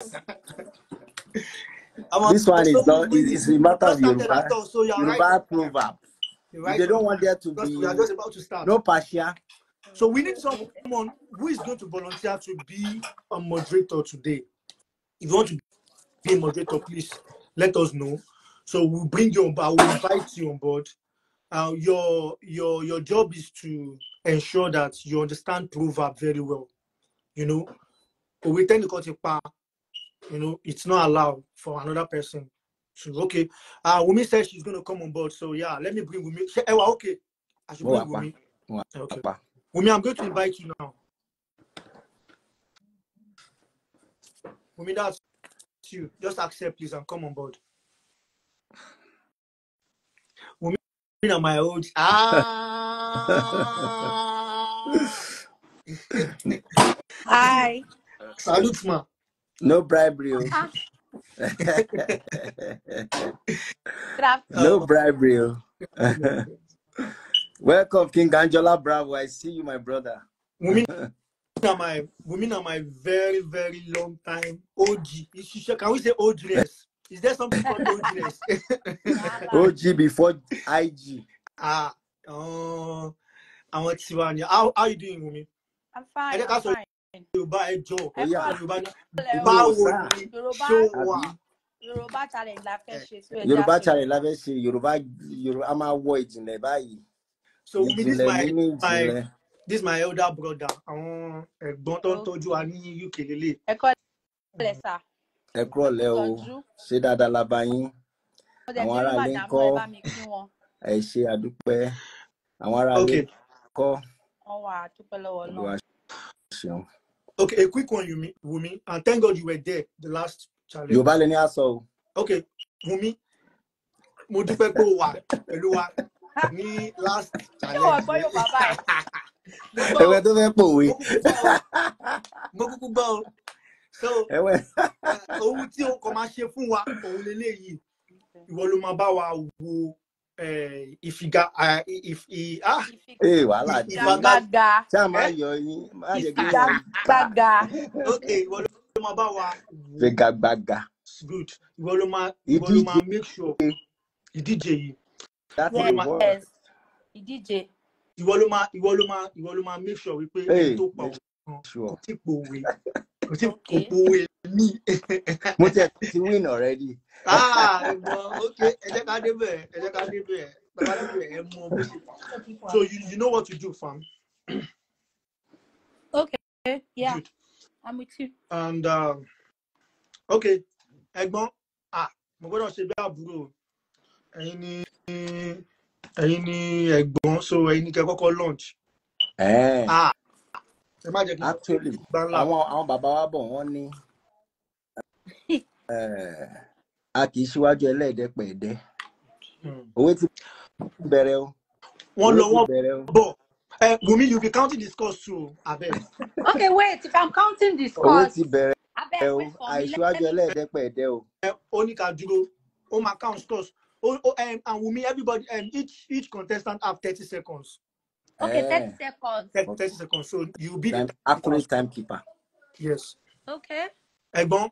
this one is not it's a matter of Yoruba, so Yoruba right. proverb. Right. They don't want there to be we are just about to start. no partial. So we need someone who is going to volunteer to be a moderator today. If you want to be a moderator, please let us know. So we'll bring you on board. We'll invite you on board. Uh, your your your job is to ensure that you understand proverb very well. You know, we tend to call it you know, it's not allowed for another person to okay. Uh Wumi says she's gonna come on board. So yeah, let me bring Wumi. She, Ewa, okay. I should bring Wumi. Okay. Wumi, I'm going to invite you now. Wumi, that's you. Just accept please and come on board. Wumi at my old ah Hi. Salut, ma. No bribery. oh. Ah. no bribery. Oh. Welcome, King Angela Bravo. I see you, my brother. Women are my women are my very, very long time OG. Can we say OG? Is there something called OG? OG before IG. Ah, uh, oh, I want to see you. How, how are you doing, women? I'm fine. I'm fine. yorùbá ẹ jọ yorùbá báwo ni ṣó wà. yorùbá challenge la fẹ́ ṣe. yorùbá challenge la fẹ́ ṣe yorùbá yorùbá a máa wọ ìjìnlẹ̀ báyìí. so this is my this is my elder brother àwọn ẹ̀gbọ́n tó ń oh. tọ́jú wa ní uk lélẹ̀. ẹ kọ́ ẹ sá. ẹ kúrọ̀ lẹ́ o ṣé dáadáa la bá yín àwọn ará ilé ń kọ́ ẹ ṣe àdúpẹ́ àwọn ará ilé ń kọ́. ọwọ́ àdúpẹ́ lọ́wọ́ náà ṣeun. okay a quick one Wumi Wumi and thank God you were there the last challenge. Yorùbá lè ní aṣọ okay Wumi mo dúpẹ́ pé o wà pẹ̀lú wa ní last challenge. ṣé wàá gbọ́ yóò bàbá ẹ̀. ẹ̀wẹ̀ tó fẹ́ pòwe. mo kúkú gbọ́ o so eh, ohun tí o kò máa ṣe fún wa òun lélẹ́yìí ìwọ ló máa bá wa wo ìfiga eh, ah, ah. ee wàhálà ìfigagbága tí a máa eh? yọ yín máa yẹ kí yín. ìfigagbága. ok ìwọ ló máa bá wa. ìfigagbága. good ìwọ ló máa ìwọ ló máa make sure ìdíje DJ, that is the word. ìdíje. ìwọ ló máa ìwọ ló máa make sure we play top òwe kan kò mo ti kòkó èmi. mo ti ti win already. Ah, ẹ̀gbọ́n ok ẹ ká débẹ̀ ẹ jẹ́ ká débẹ̀ bàbá débẹ̀ ẹ mọ bó so you, you know what to do fam. okay yeah Good. i'm with you. and um, okay ẹ̀gbọ́n ah mo gbọ́dọ̀ ṣe bí àbúrò ẹ̀yin ni ẹ̀yin ni ẹ̀gbọ́n so ẹ̀yin ni kẹ́ kọ́kọ́ launch. Eh. Ah ẹ má jẹ́ kí actually àwọn àwọn bàbá wa bọ̀ wọ́n ní a kì í síwájú ẹlẹ́ẹ̀dẹ́ pẹ̀ẹ́dẹ́ hmm. òwe ti bẹ̀rẹ̀ o. wọ́n lọ wọ́n bọ̀ ẹ Wunmi you be counting the scores too abeg. okay wait if i'm counting the scores. òwe ti bẹ̀rẹ̀ o àìsíwájú ẹlẹ́ẹ̀dẹ́ pẹ̀ẹ́dẹ́ o. ó ní ká dúró ó máa count scores oh, oh, and Wunmi everybody um, each each contestant have thirty seconds. Okay, uh, eh. 30 seconds. 30, 30 seconds. So you be time, the accurate timekeeper. Yes. Okay. Ẹ̀gbọ́n.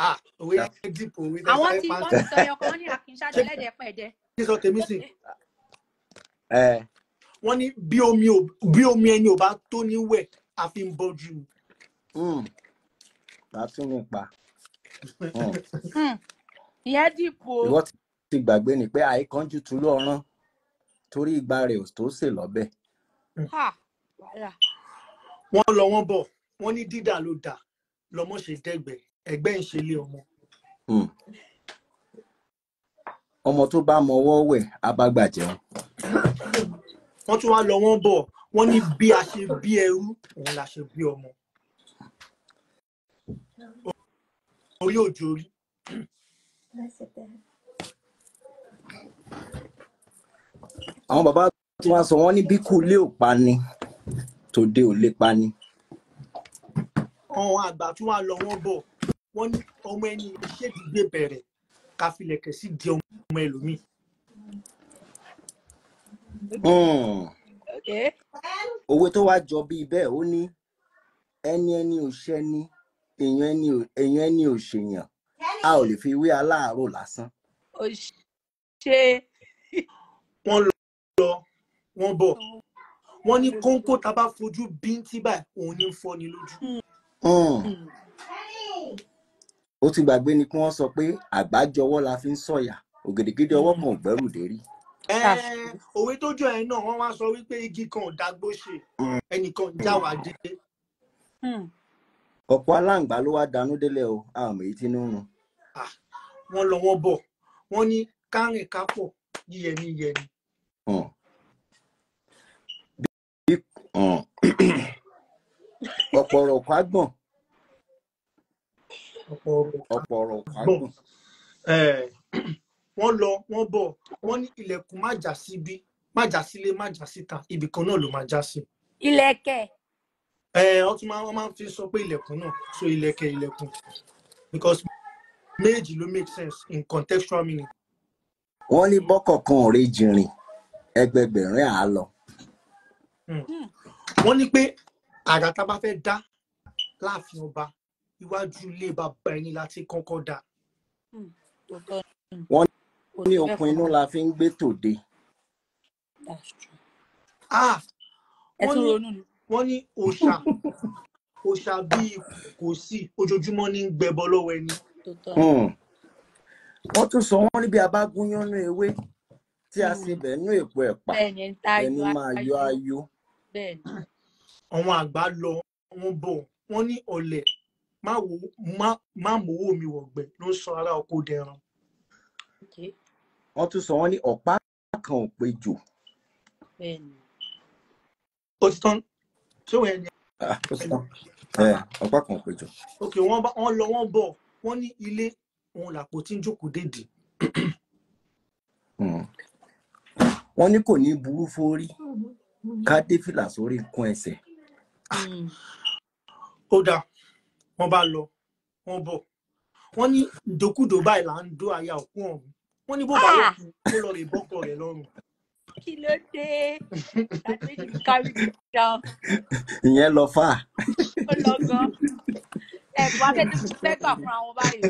Ah, we òwe deep I want you to ti sọ yọ kọ́ ní àkínṣájọ lẹ́dẹ̀ẹ́ pẹ̀dẹ́. Kí sọ tèmi sí? Wọ́n ní bí omi ẹni ò bá tó ní wẹ̀, a fi ń bọ́jú. Bá tún ní pa. Hmm. Hmm. Ìyẹn dìpọ̀. Ìwọ́n ti gbàgbé ni pé àìkánjú tu lọ́ọ̀rán torí ìgbà rẹ̀ ò tó sè lọ́bẹ̀. wọ́n lọ wọ́n bọ̀ wọ́n ní dídà ló dà lọ́mọ ṣe dẹ́gbẹ̀ ẹgbẹ́ ń ṣe lé ọmọ. Hmm. ọmọ tó bá mọwọ́ wẹ̀ á bá gbà jẹun. wọ́n tún wá lọ wọ́n bọ̀ wọ́n ní bí a ṣe bí ẹrú òun la ṣe bí ọmọ. orí òjò rí. àwọn bàbá tí wọ́n sọ wọ́n ní bí kú lé ò pa ni tòde ò lè pa ni. àwọn àgbà tí wọ́n lọ wọ́n bọ̀ wọ́n ní ọmọ ẹni ṣèdígbé bẹ̀rẹ̀ ká filẹ̀kẹ̀ sí di ọmọ ẹlòmíì. Hmm. òwe tó wá jọ bíi bẹ́ẹ̀ ó ní ẹni ẹni ò ṣẹni èèyàn ẹni ò ṣèyàn a ò lè fi wé aláàárọ̀ lásán. ó ṣe. wọ́n lọ wọ́n bọ̀ wọ́n ní kóńkó tá a bá fojú bíntí báyìí òun ní fọ́ni lójú. Hmm. ó ti gbàgbé ni kí wọ́n sọ pé àgbájọwọ́ la fi ń sọ̀yà ògèdègèdè ọwọ́ kan ò gbẹ́rù dérí. òwe tó jọ ẹ náà wọ́n wá sọ wípé igi kan ò dágbó ṣe ẹnìkan já wà délé. Hmm. ọ̀pọ̀ aláǹgbá ló wá danú délẹ̀ o àmọ́ èyí tí ń rún. wọ́n lọ wọ́n bọ̀ wọ́n ní kárìn kápọ̀ yíyẹni yẹni. Hmm ọ̀pọ̀ ọ̀rọ̀ kò á gbọ̀n ọ̀pọ̀ ọ̀rọ̀ kò á gbọ̀n. wọ́n lọ wọ́n bọ̀ wọ́n ní ilẹ̀kùn má jà síbi má jà sílé má jà síta ibìkan náà ló máa já sí. ilẹ̀kẹ̀. ẹ ọ tún máa wọ́n fi sọ pé ilẹ̀kùn náà so ilẹ̀kẹ̀ ilẹ̀kùn because méjì ló make sense in contextual meaning. wọ́n ní bọ́kọ̀ọ̀kan ọ̀rẹ́ jìnrìn ẹgbẹgbẹ̀rin àá lọ. Hmm. Hmm wọ́n ní pé àrà tá a bá fẹ́ dá láàfin ọba iwájú ilé bàbá ẹni láti kọ́kọ́ dá. Hmm, wọ́n ní okùn inú la fi ń gbé tòde. wọ́n ní òòṣà òòṣà bíi kò sí ojoojúmọ́ ní gbẹbọ lọ́wọ́ ẹni. Hmm. wọ́n tún sọ wọ́n níbi abágúnyánú ewé tí a hmm. sì bẹ̀ nú èpo ẹ̀pà ẹni máa yọ ayọ̀ àwọn àgbà lọ wọn bọ wọn ní ọ̀lẹ má mowó mi wọ̀gbẹ́ ló ń sọ ara ọkọ dẹran. wọ́n tún sọ wọ́n ní ọ̀pá kan ò pé jò. ó ti tán tí ó yẹn ni. ọ̀pá kan ò pé jò. ok wọ́n lọ wọ́n bọ̀ wọ́n ní ilé òun làpò tí ń jókòó dédìí hmm. wọ́n ní kò ní burú fórí ká dé fìlà sórí nǹkan ẹsẹ̀. Ah. Hmm. ó dáa wọ́n bá lọ wọ́n bọ̀ wọ́n ní ìdókùdó báyìí là ń dó aya òkú ọ̀hún wọ́n ní bó bá lọ kó lọ rè bọ́kọ rẹ̀ lọ́rùn. kí ló dé láti ní kárí ìjọ. ìyẹn lọ fà. ó lọ gan ẹ̀bùn akẹ́kọ̀ọ́ gbà fún àwọn báyìí.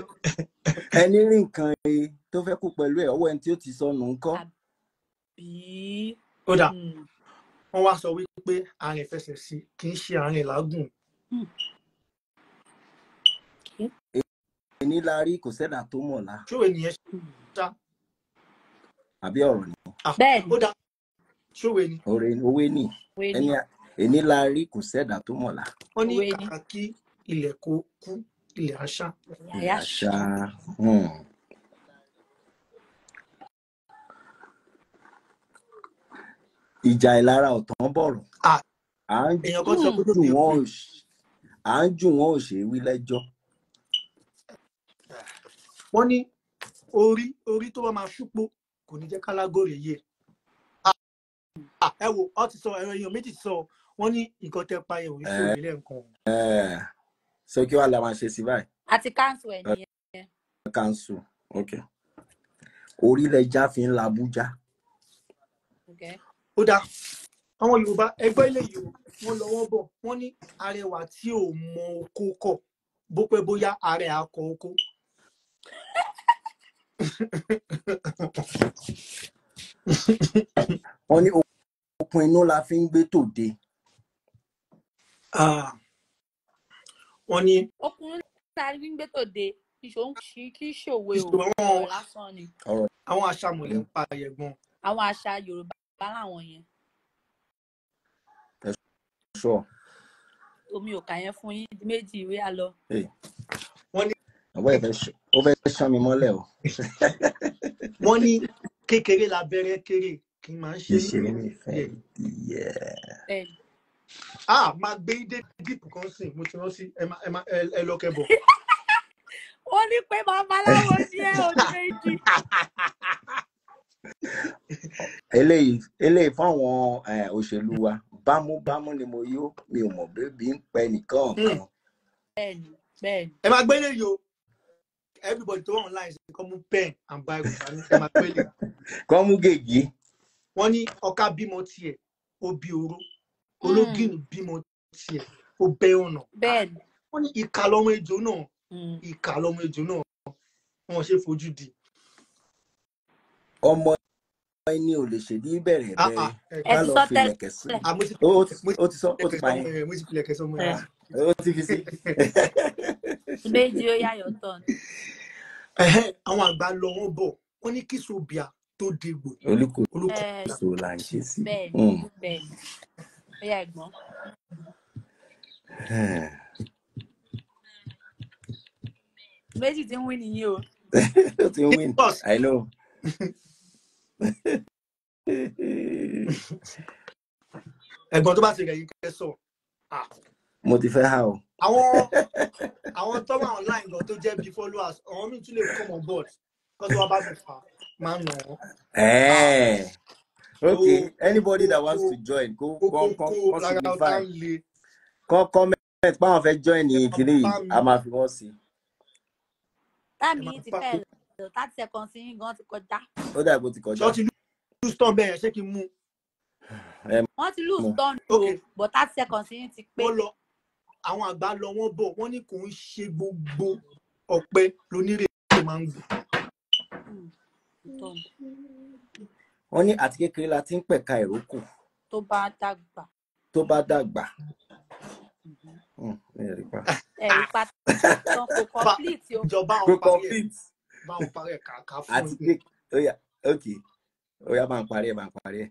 ẹni rí nǹkan ẹ tó fẹ́ kú pẹ̀lú ẹ̀ ọwọ́ ẹni tí ó ti sọnù ńkọ́. ó dà wọ́n wá sọ wípé àárín fẹsẹ̀ sí kì í ṣe àárín làágùn. Hmm. èyí la rí kò sẹ́dà tó mọ̀ la. ṣó ènìyàn ṣe ta. àbí ọ̀rọ̀ ni. Ah, bẹ́ẹ̀ ni ó dá ṣòwe ni. òwe ni èyí la rí kò sẹ́dà tó mọ̀ la. wọ́n ní kàkà ilẹ̀ kó kú ilẹ̀ àṣà. ilẹ̀ àṣà. ìjà ìlara ọ̀tàn bọ̀rọ̀ à ń jù wọ́n à ń jù wọ́n ò ṣe wí lẹ́jọ́. wọ́n ní orí orí tó bá máa ṣúpó kò ní jẹ́ kálágòrè yé e. ẹ wo ọ ti sọ ẹ̀rọ èèyàn méjì sọ wọ́n ní nǹkan tẹ́ pa ẹ̀wọ̀n ìṣòro ilé nǹkan. ṣé kí wàá la máa ṣe sí báyìí. àti káńsù ẹ̀ nìyẹn. káńsù ok orílẹ̀ já labújá. Okay ó dáa àwọn yorùbá ẹgbẹ́ ilé yìí wọ́n lọ́wọ́ bọ̀ wọ́n ní arẹwà tí ò mọ oko kọ̀ bó pẹ́ bóyá ààrẹ akọ oko. wọ́n ní okun inú la fi ń gbé tòde. Ah. wọ́n ní. okun inú la fi ń gbé tòde kì í ṣòwe o lásán ni. àwọn àṣà mọ̀lẹ́ ń pa ẹ̀gbọ́n. àwọn àṣà yorùbá lára àwọn yẹn. ẹ sọ. omi ò kà yẹn fún yín méjì ìwé àlọ. wọ́n ní. àwọn ìfẹ́ ó fẹ́ ṣán mi mọ́lẹ̀ o. wọ́n ní kékeré labẹ́rẹ́ kéré kí n máa ń ṣe é. ìṣeré nífẹ̀ẹ́ yẹ. ah máa gbé dé gíìpù kan sìn mo ti rántí ẹ lọ kẹ bọ. ó ní pé màá máa láwọn sí ẹ òní méjì. eléyìí eléyìí fáwọn eh, òṣèlú wa bámúbámú ni mo yó mi ò mọ̀ bébí ń pẹ nìkan kan. Hmm. bẹ́ẹ̀ni bẹ́ẹ̀ni. ẹ máa gbélé yìí o everybody tó wà online ṣe kọ́ pen and bible ẹ máa gbélé. kọ́ mú gègé. wọ́n ní ọkà bímọ tiẹ̀ ó bí oró ológìnì hmm. bímọ tiẹ̀ ó bẹ́ ọ̀nà. bẹ́ẹ̀ni. Ah, wọ́n ní ìkà lọ́mọ ejò náà hmm. ìkà lọ́mọ ejò náà wọ́n ṣe fojú di. ọmọ báyìí ni ò lè ṣèdí bẹ̀rẹ̀ ah, bẹ́ẹ̀ ah, eh, ká lọ fi lẹ̀kẹ̀ sí ó ti sọ ó ti pa eh, yẹn eh. ó ti fi sí. méjì ó yáyọ tán. àwọn àgbà lọ wọn bọ wọn ní kí sobia tó dégbò. olùkọ́ olùkọ́ sọ là ń ṣe sí. méjì hmm. ti ń wí nìyí o. ó ti ń wí i know. ẹ̀gbọ́n tó bá ṣe rẹ̀ yìí kẹ́ sọ. Ah. mo ti fẹ́ hà o. àwọn àwọn tó online gan tó jẹ́ bí followers àwọn míì tún lè come on board kọ́sí wọn bá ti fà máa ń nà ah. okay anybody that wants to join go come come come signify come comment báwọn fẹ́ join ní kiri yìí a máa fi wọ́n sí. táàmì yìí ti fẹ́ lọ thirty seconds yín gan ti kọjá. ó dà bó ti kọjá. ṣọ́ọ́ ti lù stọ́ọ̀ bẹ́ẹ̀ ṣé kí n mú. wọ́n ti lù stọ́ọ̀ nù but thirty seconds yín ti pé. wọ́n lọ àwọn àgbà lọ wọ́n bọ̀ wọ́n ní kò ń ṣe gbogbo ọ̀pẹ lónírèé máa ń gbò. wọ́n ní àti kékeré la ti ń pẹ̀ka ìrókò. tó bá dàgbà. tó bá dàgbà mm-hmm. hmm, ìjọba kò complete máa ń parí ẹ̀ kàkà fún mi. àti pé ó yà ok ó yà máa ń parí ẹ̀ máa ń parí ẹ̀.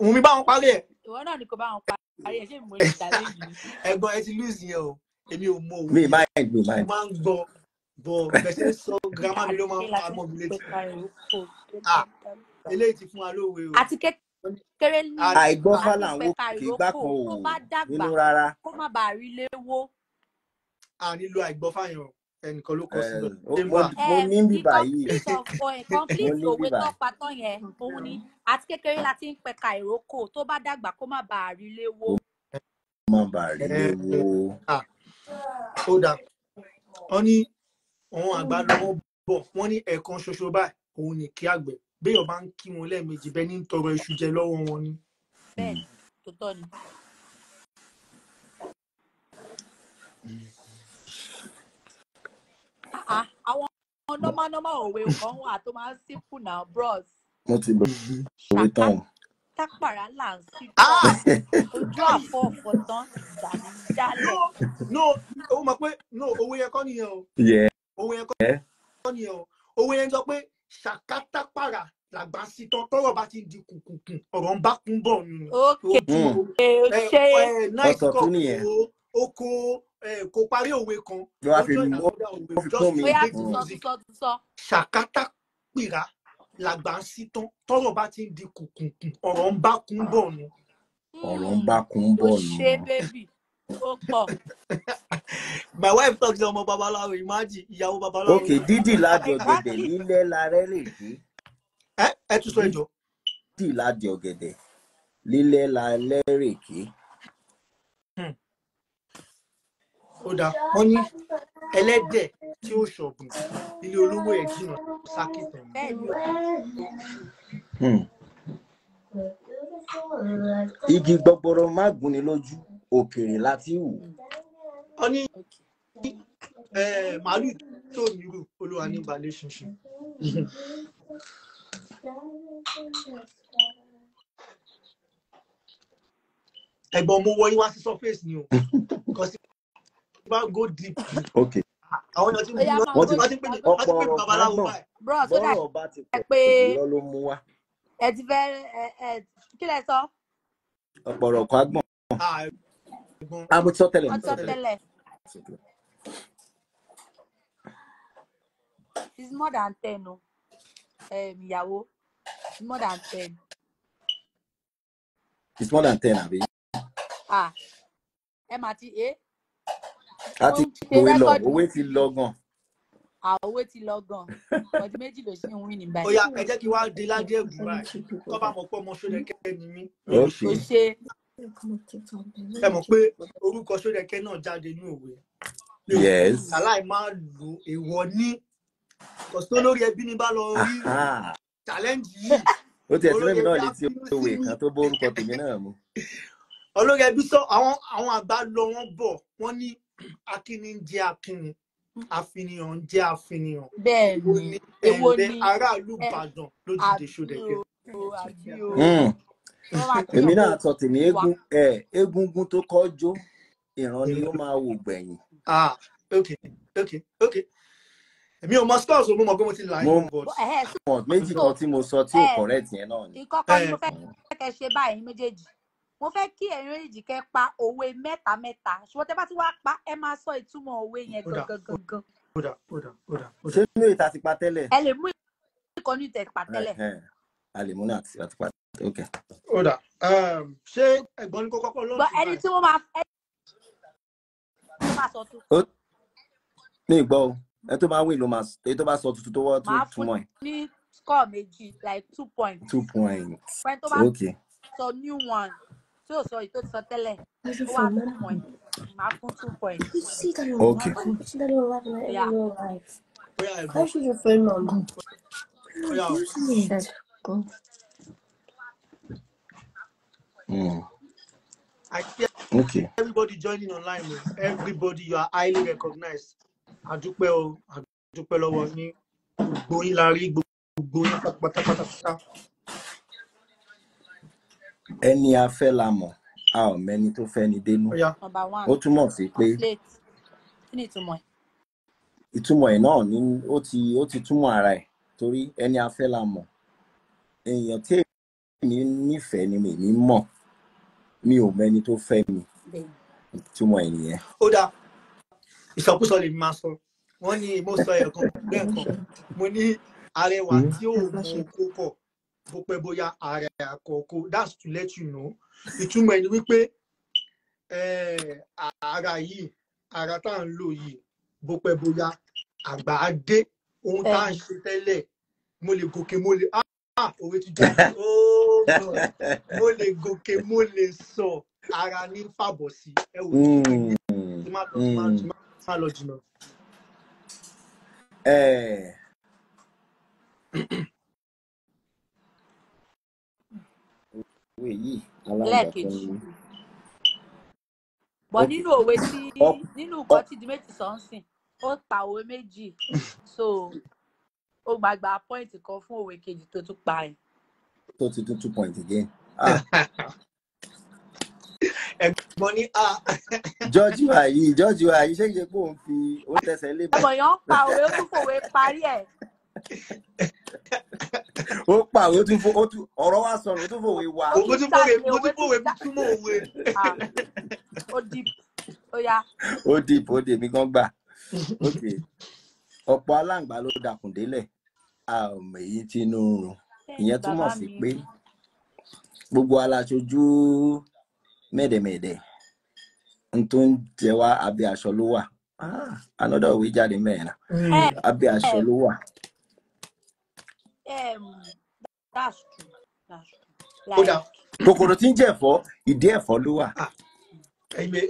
òun mi bá wọn parí ẹ̀. ìwọ náà ni kò bá wọn parí ẹ̀ ṣé mo lè tà lẹ́yìn. ẹ̀gbọ́n ẹ ti lose yẹn o èmi ò mọ òun. mi máa ń gbọ́ máa ń gbọ́. mo máa ń gbọ́ bọ̀ bẹ̀sẹ̀ sọ gírámà mi ló máa ń pa mọ́ mi létí. Ah, eléyìí ti fún wa lówe o. àti kékeré kéré ní ah, àìgbọ́ fàlàwọ́ kì í gbà kan òun nínú rárá. kó má bàa rí léwó. a nílò àìgbọ́ fàyàn ẹnì kan ló kọ sí lọ. mo ní bíbà yìí. complete òwe tó patán yẹn òun ni àti kékeré la ti ń pẹ̀ka ìrókò tó bá dàgbà kó má bàa rí léwó. kó má bàa rí léwó. ó dà ọ ní òun bọ̀ wọ́n ní ẹ̀ẹ̀kan ṣoṣo báyìí òun ní kí àgbẹ̀ béèyàn bá ń kí wọn lẹ́ẹ̀mejì bẹ́ẹ̀ ní tọrọ iṣu jẹ lọ́wọ́ wọn ni. bẹ́ẹ̀ tó tọ́ ni. Ah, àwọn normal normal òwe kan wà tó máa ń simple na bros. wọ́n ti bẹ̀rẹ̀ òwe tán. tápàrà là ń sí ah! ojú àpò ọ̀fọ̀tán ìdààmú jálẹ̀. no o mọ̀ pé no òwe yẹn kọ́ nìyẹn o. òwe yẹn kọ́ nìyẹn o òwe yẹn sọ pé ṣàkátápàrà làgbà sí tán tọ́rọ̀ bá ti di kùkùkùn ọ̀rọ̀ ń bá kún bọ̀ nù. ó kéde ṣe é. ọ̀sọ̀ tún nìyẹn okun kò parí òwe kan ṣàkátà pìrà làgbà ń sí tán tọ́rọ̀ bá ti ń di kùkùnkùn ọ̀rọ̀ ń bá kún bọ̀ ni. ọ̀rọ̀ ń bá kún bọ̀ hmm, ni. ó bébì ó pọ̀. my wife talk say ọmọ babaláwo ìmájì ìyàwó babaláwo. òkè dídì ládìí ọ̀gẹ̀dẹ̀ nílẹ̀ larẹ́ lè dé. ẹ ẹ tún sọ ìjọ. dídì ládìí ọ̀gẹ̀dẹ̀ lílẹ̀ larẹ́ rèké. ó dáa wọ́n ní ẹlẹ́dẹ̀ tí ó ṣọ̀gùn ilé olówó ẹ̀ jìnnà sákìtẹ̀ hmm. igi gbọgbọrọ má gúnni lójú òkèèrè láti wù. wọ́n ní màálù tó nírú olúwa ní balẹ̀ ṣinṣin. ẹ̀gbọ́n mo wọ yín sí surface ni o bá go deep. okay àwọn ọtí wọn ti wọn ti pè ní wọn ti pè ní babaláwo báyìí. bro so that ẹ pé ẹ ti fẹ́ ẹ ẹ kí lẹ sọ. ọ̀pọ̀rọ̀ ọ̀kọ́ agbọ̀n. a mo ti sọ tẹ́lẹ̀. mo ti sọ tẹ́lẹ̀. it's more than ten o ìyàwó it's more than ten. it's more than ten àbí. ah ẹ máa ti. Eh? a ti kòwé e lọ òwe ti lọ gan. àwòwé ti lọ gan ọdún méjì ló ṣe ń wí ní báyìí. ó yá ẹ jẹ́ kí wá di ládé ẹ̀gbọ́n báyìí tó bá mọ̀ pé ọmọ Ṣódẹkẹ́ ni mí. ó ṣe. ẹ mọ̀ pé orúkọ Ṣódẹkẹ́ náà jáde ní òwe. yes. aláì máa lo èèwọ̀ ní kòsó lórí ẹbí ni bá lọ rí challenge yìí. ó tiẹ̀ tí lẹ́mi náà lè ti òwe kan tó bó orúkọ tèmi náà mu. olórí ẹbí sọ àwọn àgbà lọ wọn bọ̀ wọ́n ní akíní ń jẹ́ akíní àfihàn mm. ń jẹ́ àfihàn bẹ́ẹ̀ni èwo ni aráàlú Ìbàdàn ló ti dé Ṣódẹkẹ. èmi náà sọ tèmi egungun tó kọ́ jó ìran ni ó máa wò gbẹ̀yìn. ah okay okay okay èmi ò mọ spouse mo mọ pé mo ti là yín bọ. méjì kan tí mo sọ tí ò correct yẹn náà ni. ìkọ́kọ́ ni mo fẹ́ hmm. kẹ́ ṣe báyìí méjèèjì mo fẹ́ kí ẹ̀yin méjì kẹ́ pa òwe mẹ́ta mẹ́ta ṣùgbọ́n tẹ́ bá ti wá pa ẹ máa sọ ìtumọ̀ òwe yẹn gangan. ṣé mú ìta ti pa tẹ́lẹ̀. ẹ lè mú ìkọ́ni ìtẹ̀ pa tẹ́lẹ̀. a lè mú náà àti pa tẹ́lẹ̀. ó dà um, ṣé ẹ̀gbọ́n ní kókó lọ́wọ́. gbọ́ ẹni tí wọ́n máa fẹ́ ló máa sọ tuntun. ní ìgbọ́ o ẹ tó máa win ló máa èyí tó bá sọ tuntun tó wọ́ tó túmọ̀ ẹ̀. máa fún ní score méjì like two points. two points okay. so new one. So, you okay. joining online, everybody, you are highly recognized. Adúpẹ́ o, adúpẹ́ ẹni a fẹ́ la mọ̀ a ò mẹni tó fẹ́ni dénú ó túmọ̀ sí pé ìtumọ̀ ẹ̀ náà ni ó ti ó ti túmọ̀ ara ẹ̀ torí ẹni a fẹ́ la mọ̀ èèyàn tí èmi nífẹ̀ẹ́ ni èmi mọ̀ mi ò mẹni tó fẹ́ mi ìtumọ̀ ẹ̀ nìyẹn. ó dáa ìsọkúsọ lè máa sọ wọn ní mo sọ ẹ̀kan lẹ́ẹ̀kan mo ní arẹwà hmm? tí ó mú kókó bó pẹ́ bóyá ààrẹ àkọ́kọ́ that's to let you know ìtumọ̀ ẹni wípé ara yìí ara tá à ń lò yìí bó pẹ́ bóyá àgbà á dé ohun tá à ń ṣe tẹ́lẹ̀ mo lè gòkè mo lè ah, ah òwe ti já ooo mo lè gòkè mo lè sọ ara ní fàbọ̀ sí ẹ wò tí hmm. má lọ tí má lọ jìnnà. òwe yìí aláǹdàkọ ni. bọ̀ nínú òwe tí nínú nǹkan tí dimeji sọ ń sìn ó pa òwe méjì so ó máa gba point kan fún òwe kejì tó tún pa ẹ̀. tó ti tún two point again. ẹ̀gbọ́n ní a. george wa yìí george wa yìí ṣé kìí ṣe pé òun fi òun tẹsẹ̀ lé. ọmọ yẹn ń pa òwe ó tún fòwe parí ẹ̀. ó pàwé tún fò ọ̀rọ̀ wa wa. ó tún fòwe ó tún fòwe túmọ̀ òwe. ó ó ah, gan gbà ọ̀pọ̀ aláǹgbá ló dakùn délẹ̀ èyí tí inú ìyẹn túmọ̀ gbogbo aláṣojú mẹ́ẹ̀dẹ̀mẹ́ẹ̀dẹ̀ n tó ń jẹ wà. Ah, Ehm, kòkòrò tí ń jẹ ẹ̀fọ́ ìdí ẹ̀fọ́ ló wà.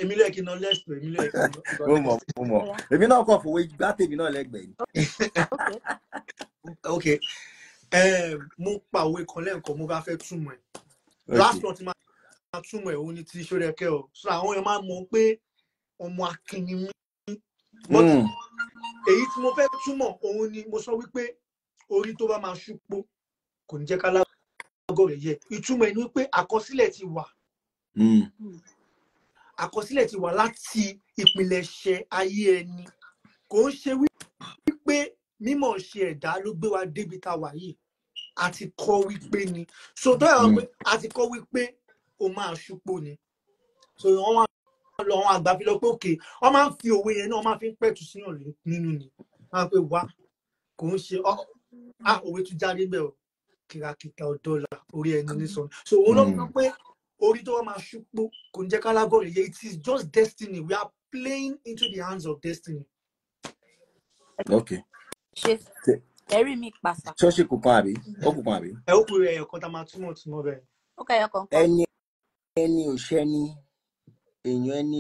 èmi lè kí n lọ lẹ́sùn èmi lè kí n lọ. mo mọ èmi náà kọ fòwe gbá tèmi náà lẹ́gbẹ̀ẹ́ ok ehm, mo pa òwe kan lẹ́ẹ̀kan mo bá fẹ́ túmọ̀ ẹ̀ last one ti máa túmọ̀ ẹ̀ òun ni ti ṣórẹ́kẹ́ o so àwọn èèyàn máa mọ̀ pé ọmọ akínni mi. Hmm. èyí tí mo fẹ́ túmọ̀ òun ni mo sọ wípé orí tó bá máa ṣúpó kò ní jẹ́ ká lágọ̀ rẹ̀ yẹ ìtumọ̀ ẹni wípé àkọsílẹ̀ ti wà hmm. àkọsílẹ̀ ti wà láti ìpilẹ̀ṣẹ̀ ayé ẹni kò ń ṣe wípé mímọ̀ ṣe ẹ̀dá ló gbé wa débi tá wà yìí àti kọ́ wípé ni so tó yà wọ́n hmm. pé àti kọ́ wípé o máa ṣúpó ni so wọ́n wá lọ àwọn àgbà fi lọ pé òkè wọ́n máa ń fi òwe yẹn náà wọ́n máa fi ń pẹ̀tù síyàn nínú ni wọ́n á pè wá kò ń ṣe á òwe tún jáde bẹ́ẹ̀ o kìràkìtà ọ̀dọ́là orí ẹni ní so ó ló mọ hmm. pé orí tó wá máa ṣúpó kò ní jẹ́ ká lágọ̀ yẹ it is just destiny we are playing into the hands of destiny. okay. ṣe ẹ̀rí mi pàṣà. ṣọ́ọ̀ṣì kò kan àbí ó kò kan àbí. ẹ ó kúrò ẹyọ kan tá a máa túmọ̀ túmọ̀ bẹ́ẹ̀. ó kà ẹyọ kan. ẹni ẹni èèyàn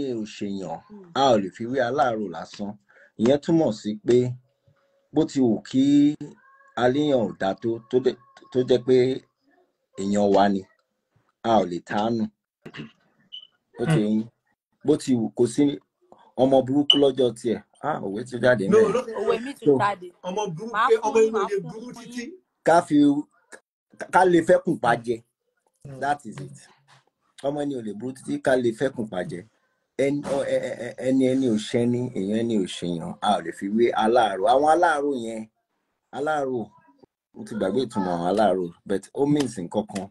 ẹni ò a ò lè fi wé aláàárọ̀ lásán ìyẹn túmọ̀ sí pé bó ti wù kí aléèyàn ò dáa tó tó jẹ́ pé èèyàn wa ni a ò lè tánù ó ti hmm. yín bó ti wù kó sí ọmọ burúkú lọ́jọ́ tiẹ̀ òwe tó jáde mẹ́rin. òwe mi tó jáde ọmọ burúkú ọmọ inú ilé burú títí. ká fi ká lè fẹ́kùn pàjẹ́ hmm. that is it ọmọ ẹni ò lè burú títí ká lè fẹ́kùn pàjẹ́ ẹni ẹni ò ṣẹ́ni èèyàn ẹni ò ṣèyàn a ò lè fi wé aláàárọ̀ àwọn aláàárọ̀ yẹn Alaro, mo ti gbàgbé ìtumọ̀ aláàrò but ó means nǹkan kan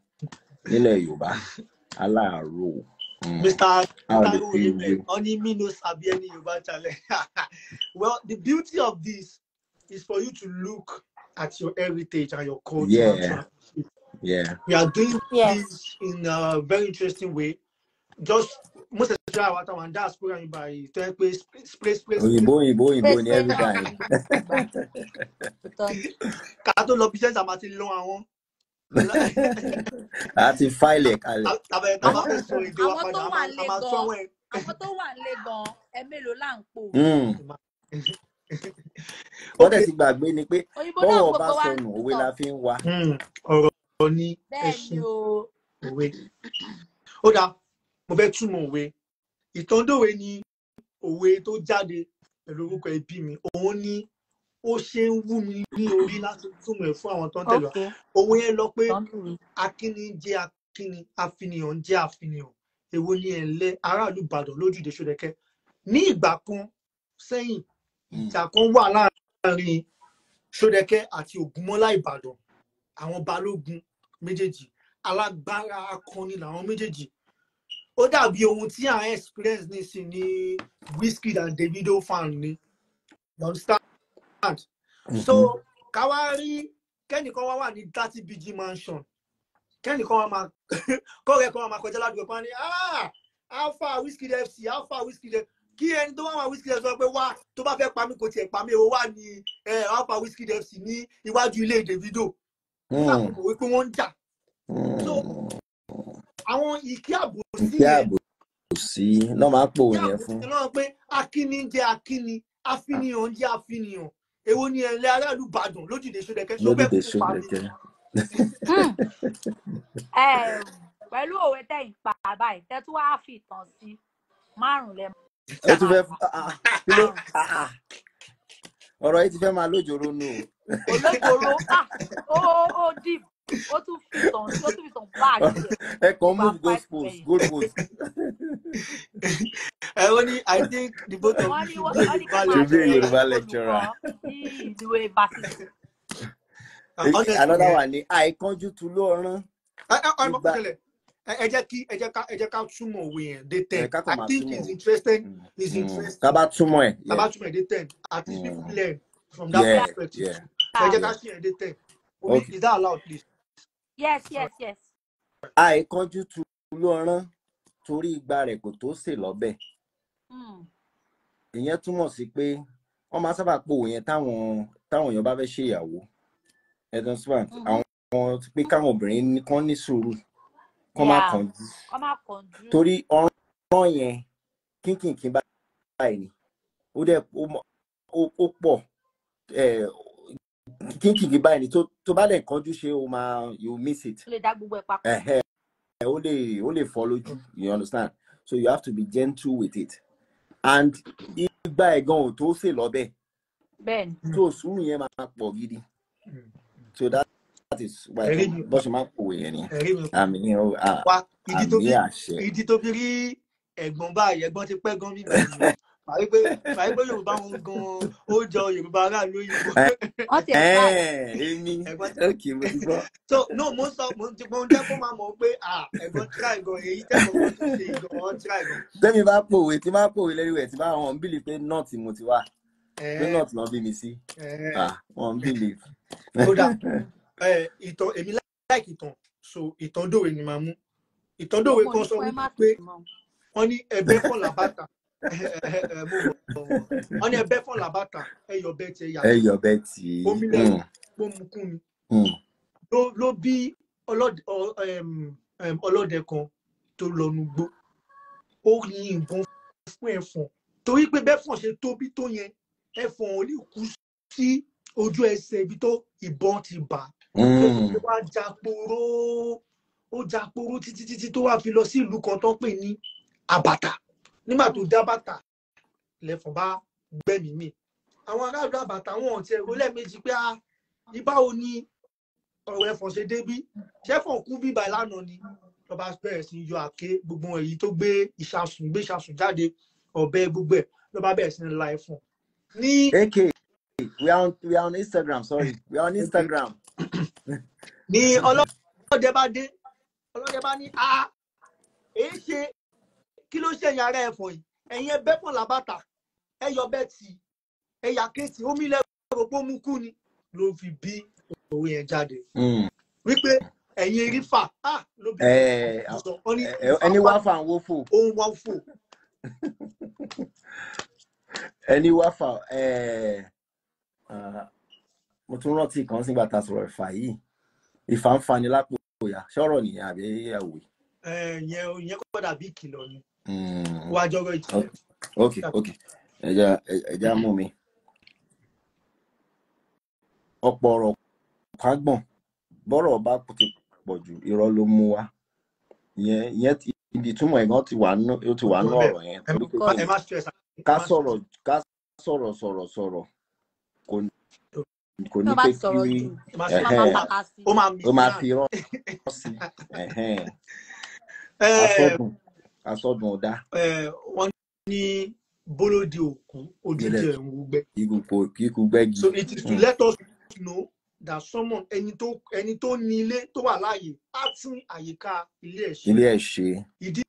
nílẹ̀ yorùbá aláàrò. Mr. Oni sabi Sabieni Yoruba chale. well, the beauty of this is for you to look at your heritage and your culture. Yeah. Yeah. We are doing yes. this in a very interesting way. Just most especially àwọn àtàwọn àndá àsìkò yìí báyìí tó yẹ pé spray spray. òyìnbó òyìnbó òyìnbó ni every time. ká tó lọ bí sẹ́ńsà máa ti lọ àwọn. a ti fáìlì ẹ̀ kalẹ̀. àbẹ̀yẹ̀ tá a bá fẹ́ sọ èdè wa padà a máa sọ wẹ̀. àwọn tó wà lé gan ẹ mélòó là ń pò. wọ́n tẹ̀ gbàgbé ni pé bọ́wọ̀ bá sọnù òwe la fi ń wa. ọ̀rọ̀ ni ẹṣin òwe. ó dáa mo fẹ́ túmọ̀ òwe ìtàndòwe ni òwe tó jáde pẹ̀lú orúkọ ẹbí mi òun ni ó ṣe ń wú mi ní orí láti túmọ̀ ẹ̀ fún àwọn tó ń tẹ̀lé wa òwe yẹn lọ pé akíní jẹ́ akíní afinihàn jẹ́ afinihàn èwo ni ẹ̀ ń lẹ́ aráàlú ìbàdàn lójúde ṣọdẹkẹ ní ìgbà kan sẹ́yìn hmm. ìjà kan wà láàárín ṣọdẹkẹ àti ògúnmọ́lá ìbàdàn àwọn balógun méjèèjì alágbára akọni làwọn méjèèjì ó dàbí ohun tí àwọn experience ní sí ní Wizkid and Davido fan ni you understand mm-hmm. so káwá rí kẹ́nìkan wá wà ní thirty bg mansion kẹ́nìkan wá máa kọ́ọ̀rẹ́ kan wá máa kọjá ládùúgbò how far whiskey Wizkid FC alpha Wizkid FC kí ẹni tó wá wá Wizkid FC sọ pé wá tó bá fẹ́ pa mí kò tiẹ̀ pa mí o wá ní whiskey Wizkid FC ní iwájú ilé Davido nígbà tó wí pé wọ́n ń jà mm. so àwọn ìkẹ́ àbòsí ìkẹ́ àbòsí náà máa ń pò yẹn fún. náà pé akíní jẹ́ akíní afínihàn jẹ́ afínihàn èwo ni ẹ̀lẹ́ aráàlú Ìbàdàn lójúde Ṣódẹkẹ́ ṣó bẹ́ẹ̀ kó pa mí. Hmm. pẹ̀lú òwe tẹ́ ń pa báyìí tẹ́ tún wáá fi ìtàn sí márùn-ún lẹ́mọ̀. ẹ tún fẹ́ ah, ah, ah, ọ̀rọ̀ yìí ti fẹ́ máa lójoro nù. olójoro ó dìbò ó tún fi tàn sí ó tún fi É como os gospels, gospels. Eloni, I think the both of you should be Yoruba lecturer. Another one, àìkánjú tu lóorán. Ẹ jẹ́ kí ẹ jẹ́ ká ẹ jẹ́ ká túmọ̀ òwe yẹn dé ten. I think it's interesting. Hmm, it's hmm. interesting. Tá bá túmọ̀ ẹ̀. Tá túmọ̀ ẹ̀ ten. At least people hmm. learn from that yeah, perspective. Ẹ jẹ́ ká ṣe ẹ̀ dé Is that allowed please? Yes, yes, yes. àìkánjú tu lọ́rán torí igba rẹ̀ kò tó sè lọ́bẹ̀ hmm. ìyẹn túmọ̀ sí pé wọ́n máa sábà po òyìn táwọn táwọn èèyàn bá fẹ́ ṣe ìyàwó ẹ̀dùn smart hmm. àwọn pé káwọn obìnrin kan ní sùúrù kan má kánjú torí ọ̀ràn yẹn kínkìnkín báyìí ni ó dẹ̀ ó pọ̀ kínkìnkín báyìí ni tó bá lè kánjú ṣe o máa you miss it. ó lè dá gbogbo lè ó lójú you understand so you have to be gentle with it and ìgbà ẹ̀gan ò tó ṣe lọ́bẹ̀. bẹ́ẹ̀ni. tó sùúrù yẹn máa pọ̀ gidi so that that is why bó ṣe máa ń yẹn ni àmì ní àṣẹ. ìdí tó fi rí ẹ̀gbọ́n báyìí ẹ̀gbọ́n ti pẹ́ gan bíbẹ̀. màá wípé màá wípé yorùbá wọn gan ó jọ yorùbá aráàlú òyìnbó. Eh, eh, èmi ok mo ti gbọ́. so no mo sọ mo ti gbọ́n jẹ́ kó máa mọ̀ pé ẹ̀gbọ́n try gan èyí tẹ̀gbọ́n mo tún ṣe ìgbọ̀n wọn try gan. tẹ́mi bá pòwe tí bá pòwe lẹ́rìí rẹ̀ tí bá wọn bìlì pé nọ́ọ̀tì mo ti wá pé eh, nọ́ọ̀tì wọn bí mi sí wọn bìlì. kódà ìtàn èmi láìkì ìtàn so ìtàn dòwe ni màá mú ìtàn dòwe kan sọ wípé wọ́n ní ẹ̀bẹ̀ kọ́ làbàtà wọ́n ní ẹbẹ́ fún làbàtà ẹyọ bẹ́ẹ̀ ti ẹ̀yà ẹyọ bẹ́ẹ̀ ti omi lẹ́yìn pọ́nmukún mm. ni mm. ló bí ọlọ́dẹ kan tó lọ́nu gbó ó yin ìbọn fún ẹ̀fọ̀n torí pé bẹ́fọ̀n ṣe tóbi tó yẹn ẹ̀fọ̀n ò ní kú sí ojú ẹsẹ̀ ibi tó ìbọn ti bà mm. ó wá jàporó ó jàporó títí títí tó wá fi lọ sí ìlú kan tó ń pè ní àbàtà nígbà tó dá bàtà lẹ́fọ̀n bá gbẹ̀mí mi àwọn aráàlú àbàtà wọn ò tiẹ̀ rólẹ̀ méjì pé ibáwo ni ọ̀rọ̀ ẹ̀fọ̀n ṣe débí ṣẹ́fọ̀n kú bíbà lánàá ni lọ́ba bẹ̀rẹ̀ sí yọ àké gbogbo èyí tó gbé ìṣàsùn gbé ìṣàsùn jáde ọ̀bẹ gbogbo ẹ̀ lọ́ba bẹ̀rẹ̀ sí la ẹ̀fọ̀n. ní. ak we are on we are on instagram sorry we are on instagram. ni ọlọ́dẹ bá dé ọlọ́dẹ bá ní a èé ṣe kí ló ṣe ẹ̀yìn ara ẹ̀fọn yìí ẹ̀yìn ẹbẹ́ fún làbàtà ẹ̀yọ bẹ́ẹ̀ tì ẹ̀yà kejì omi lẹ́rọ pé ó mú kú ni ló fi bí òwe yẹn jáde hmm. wípé ẹ̀yìn rífà ló bí ẹni wá fà ń wó fò ó ń wá fò. ẹni wá fà mo tún rántí kan sígbà tá a sọ̀rọ̀ ìfà yìí ìfà ń lápò ìyá ṣọ́rọ̀ nìyẹn àbí ẹ̀wẹ̀. ẹ̀yẹ òyìn kọ́ dàbí ìkìlọ̀ ni. wá jọrọ ìtì. ok ok ẹja mi ọ̀pọ̀ ọ̀rọ̀ kágbọ̀n bọ́rọ̀ bá ti pọ̀ jù irọ́ ló mú wa ibi túmọ̀ ẹ̀gán ti wà nú ọ̀rọ̀ yẹn ká sọ̀rọ̀ ká sọ̀rọ̀ sọ̀rọ̀ sọ̀rọ̀ kò ní kò ní pé kiri ó máa fi rán sí asọ́dùn ọ̀dá. wọ́n ní bólódì òkun ojúde ẹ̀rù gbẹ. kíkun gbẹ́gi. so it is to hmm. let us know that someone ẹni tó ẹni tó ní ilé tó wà láàyè á tún àyíká ilé ẹ̀ ṣe. ilé ẹ̀ ṣe. ìdí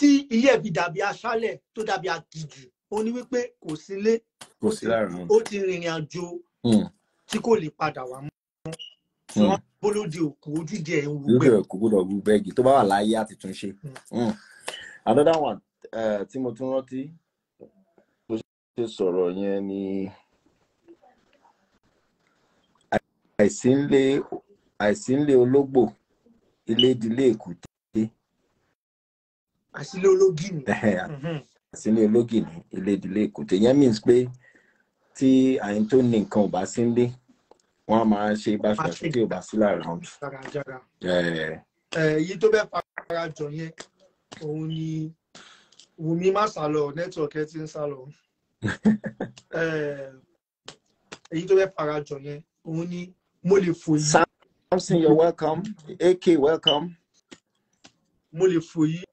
tí ilé ẹ̀ fi dàbí aṣálẹ̀ tó dàbí àgìjù ó ní wípé kò sí ilé kò sí láàrin ó ti rìnrìn àjò hmm. tí kò lè padà wá mọ́ wọ́n hmm. bólódì òkun ojúde ẹ̀ ń wú ojúde ẹ̀ kò gbọ́dọ̀ wú bẹ́ẹ̀gì tó bá wà láàyè á ti tún ṣe another one eh, tí mo tún rántí bó ṣe sọ̀rọ̀ yẹn ni àìsínlé àìsínlé ológbò ilé ìdílé èkúté. àìsínlé ológìní. Mm-hmm. àìsínlé ológìní ilé ìdílé èkúté yẹn means pé tí àyín tó ní nǹkan ò bá sínlé wọn a máa ṣe báṣubàṣu tí ò bá sí lára wọn. Eh, èyí tó bẹ́ẹ̀ fara jọ yẹn òun Wùmí má sálọ network ẹ ti ń sálọ èyí tó fẹ́ farajọ yẹn òun mo lè fòyí. Samson you're welcome AK welcome. mo lè fòyí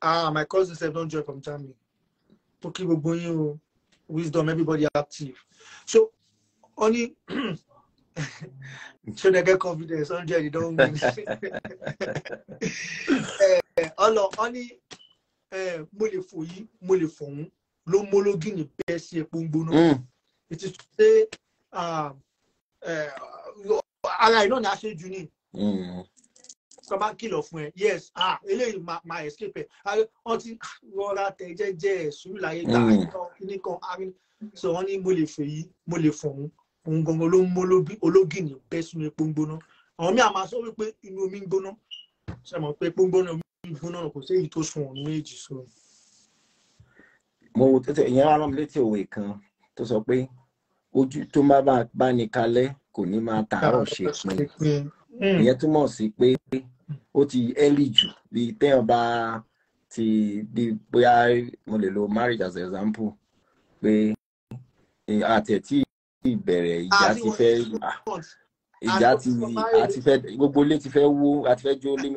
ah my cousin sef don join from Germany tó kí gbogbo yín o wisdom everybody active so ó ní so they get confidence hundred they don win. ọlọ mm. um, mm. ọ ah, mm. ní mo lè fò yí mo lè fọ̀hún ló mólógì ní bẹ́ẹ̀ sí epo ń gbóná ètí tó ṣe ara iná ni a ṣe jù ní kọ́ bá kìlọ̀ fún ẹ yes ah eléyìí máa escape ẹ wọ́n ti rọra tẹ jẹ́jẹ́ sùúrù láyé gbà kíní kan arín sọ wọ́n ní mo lè fè yí mo lè fọ̀hún òun gangan ló ń ológì ní bẹ́ẹ̀ sínú epo ń gbóná àwọn míì àmà sọ wípé inú omi ń gbóná ṣe mọ̀ pé epo ń gbóná gbóná kò sí èyí tó sunwọ̀n ní mo wo tó tẹ ìyẹn rán mi létí òwe kan tó sọ pé ojú tó má bá ní kalẹ̀ kò ní máa tàárọ̀ ṣe pin hmm. ìyẹn túmọ̀ sí pé ó ti early jù bí téèyàn bá ti di bóyá mo lè lo marriage as example pé àtẹ̀tí ìbẹ̀rẹ̀ ìjà ti fẹ́ ìjà ti àti fẹ́ gbogbo ilé ti fẹ́ wó àti fẹ́ jó lé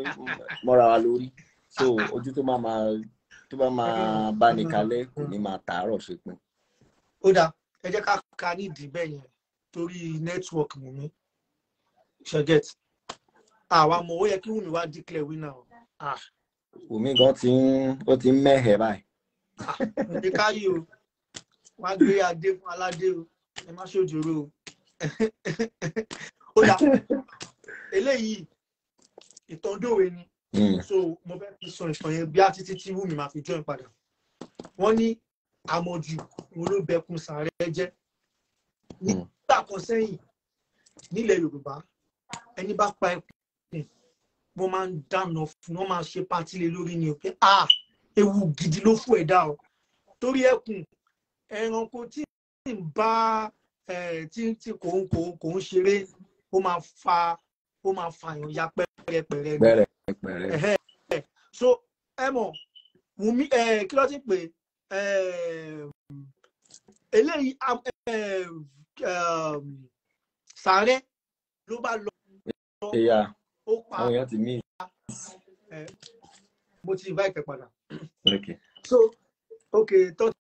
mọ́ra wa lórí so ojú tó máa máa tó bá máa bá ní kalẹ̀ kò ní máa tààrọ̀ ṣe pin. ó dáa ẹ jẹ́ ká ka ní ìdìbẹ́ yẹn torí network mú mi ṣẹ́gẹ́t àwa mọ̀ ó yẹ kí wùmí wá declare winner o. Ah. wùmí gan ti ń ó ti ń mẹ́hẹ̀ báyìí. ní ah, káyé o wá gbé adé fún aládé o ẹ má ṣòjòrò o ó yà eléyìí ìtàn dòwe ni hmm. so mo fẹ́ fi sọ ìtàn yẹn bí a títí tí wùmí máa fi join padà wọ́n ní àmọ̀jù wọn ló bẹkun sàárẹ̀ jẹ́ nígbà hmm. kan sẹ́yìn nílẹ̀ Yorùbá ẹni bá pa ẹkùn wọ́n máa ń dáná fún wọ́n máa ṣe patí lé lórí ni pé ah ewu gidi ló fún ẹ̀dá o torí ẹkùn ẹranko tí ń bá tí kò ń kò ń ṣeré ó máa fa ó máa fàyàn ya pẹ́rẹ́pẹ́rẹ́. pẹ́rẹ́pẹ́rẹ́. so ẹ mọ̀ wùmí kí ló ti pè eléyìí sàárẹ̀ ló bá lọ. ìyá àwọn èèyàn ti mí. mo ti invite padà. so okay tọ́tù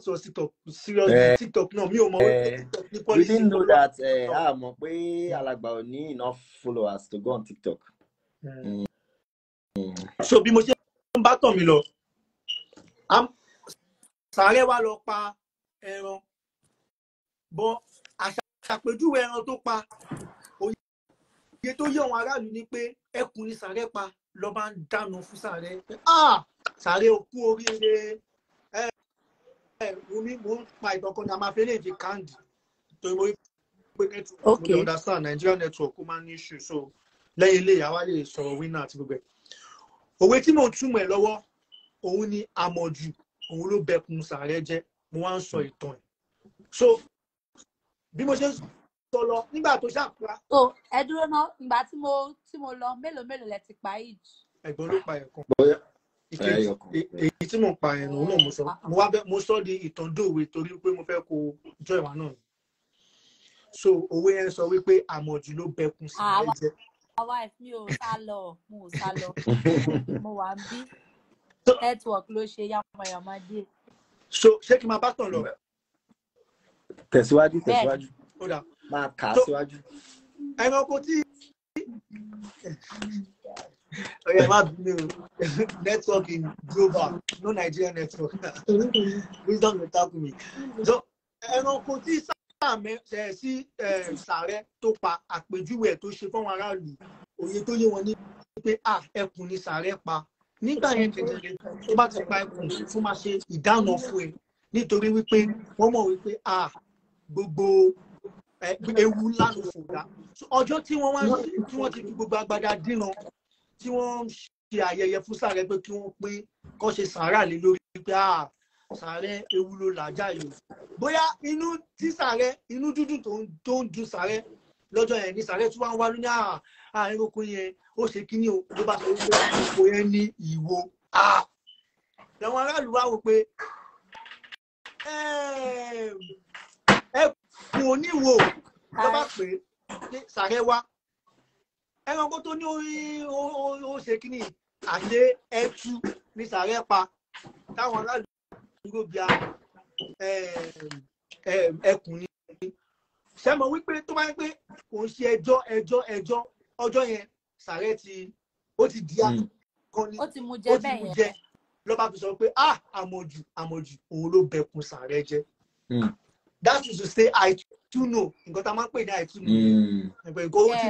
sọ tiktok seriously eh, tiktok náà mi ò mọ eh, ní policy. you didn't know that eh, a mọ̀ pé hmm. alàgbà ò ní enough followers to go on tiktok. Mm. Mm. so bí mo ṣe ń bá tàn mí lọ sàárẹ̀ wa lọ pa ẹran bọ́ àṣàpèjúwe ẹran tó pa òye tó yẹ àwọn aráàlú ni pé ẹkùn ni sàárẹ̀ pa lọ́ọ́ bá ń dáná fún sàárẹ̀ ah! sàárẹ̀ òkú oríire ẹ wumi mo ń pa ìtọ́kọ ní a máa fẹ́ lè di kandi torí mo rí pé network mo lè understand Nigerian network ó máa ń ní issue so lẹ́yìn ilé ìyá wa lè sọ̀rọ̀ winner àti gbogbo ẹ̀. òwe tí mò ń túmọ̀ ẹ̀ lọ́wọ́ òun ni àmọ̀jù òun ló bẹkun sàárẹ̀ jẹ́ mo wá ń sọ ìtàn ẹ̀. so bí mo ṣe ń sọ lọ nígbà tó ṣàpá. so ẹ dúró ná ìgbà tí mo tí mo lọ mélòó mélòó lẹ ti pa yìí. ẹ̀gbọ́n ló pa ẹ̀kan. bóyá ẹ̀yọ̀kan. E, e, tí mò ń pa ẹ̀rùn náà mo sọ ah, ah. mo wá bẹ mo sọ di ìtàn dòwe torí pé mo fẹ́ kó jọ ìwà náà ni so òwe yẹn sọ wípé àmọ̀jù ló bẹkun sí ilé jẹ. àwa mi ò sá lọ mo ò sá lọ mo wà ń bí network ló ṣe yàmàyàmà díẹ̀. so ṣé kí n máa bá tàn lọ. tẹ̀síwájú tẹ̀síwájú máa kà á síwájú. ẹranko tí. Oya oh, má network in global no Nigerian network wisdom dey tap me. So ẹranko tí sàmẹ ṣe sí sàrẹ tó pa àpèjúwe ẹ̀ tó ṣe fáwọn aráàlú òye tó yé wọn ní pé ah ẹkùn ni sàrẹ pa nígbà yẹn kẹ̀kẹ́ tó bá ti pa ẹkùn fún máa ṣe ìdáná fún ẹ nítorí wípé wọ́n mọ̀ wípé ah gbogbo ewu ńlá ló fò dá ọjọ́ tí wọ́n wá tí wọ́n ti fi gbogbo agbada dínà tí wọ́n ń ṣe ayẹyẹ fún sàrẹ pé kí wọ́n pé kọ́ ṣe sàárà lé lórí pé sàrẹ ewu ló làjà yìí bóyá inú tí sàrẹ inú dúdú tó ń dun sàrẹ lọ́jọ́ yẹn ní sàrẹ tí wọ́n ń wá ní àárín oko yẹn ó ṣe kíní o ló bá sọ wípé oko yẹn ní ìwo àwọn aráàlú wá wò pé ẹ kún oníwo ló bá pè wá ẹranko tó ní orí ó kíní àṣẹ ẹtu ní sàárẹ̀ pa táwọn aládùúgbò bíi ẹkùn ni sẹ́mọ̀ wípé tó bá yẹ pé kò ń ṣe ẹjọ́ ẹjọ́ ẹjọ́ ọjọ́ yẹn sàárẹ̀ ti ó ti di hmm. akọni ó ti mú jẹ lọ́ba fi sọ pé ah àmọ̀jù àmọ̀jù òun ló bẹ̀kùn sàárẹ̀ jẹ́ hmm. that to say i too know nǹkan tá a máa ń pè ní i too know hmm. ẹ̀gbẹ́ ìkó ó ti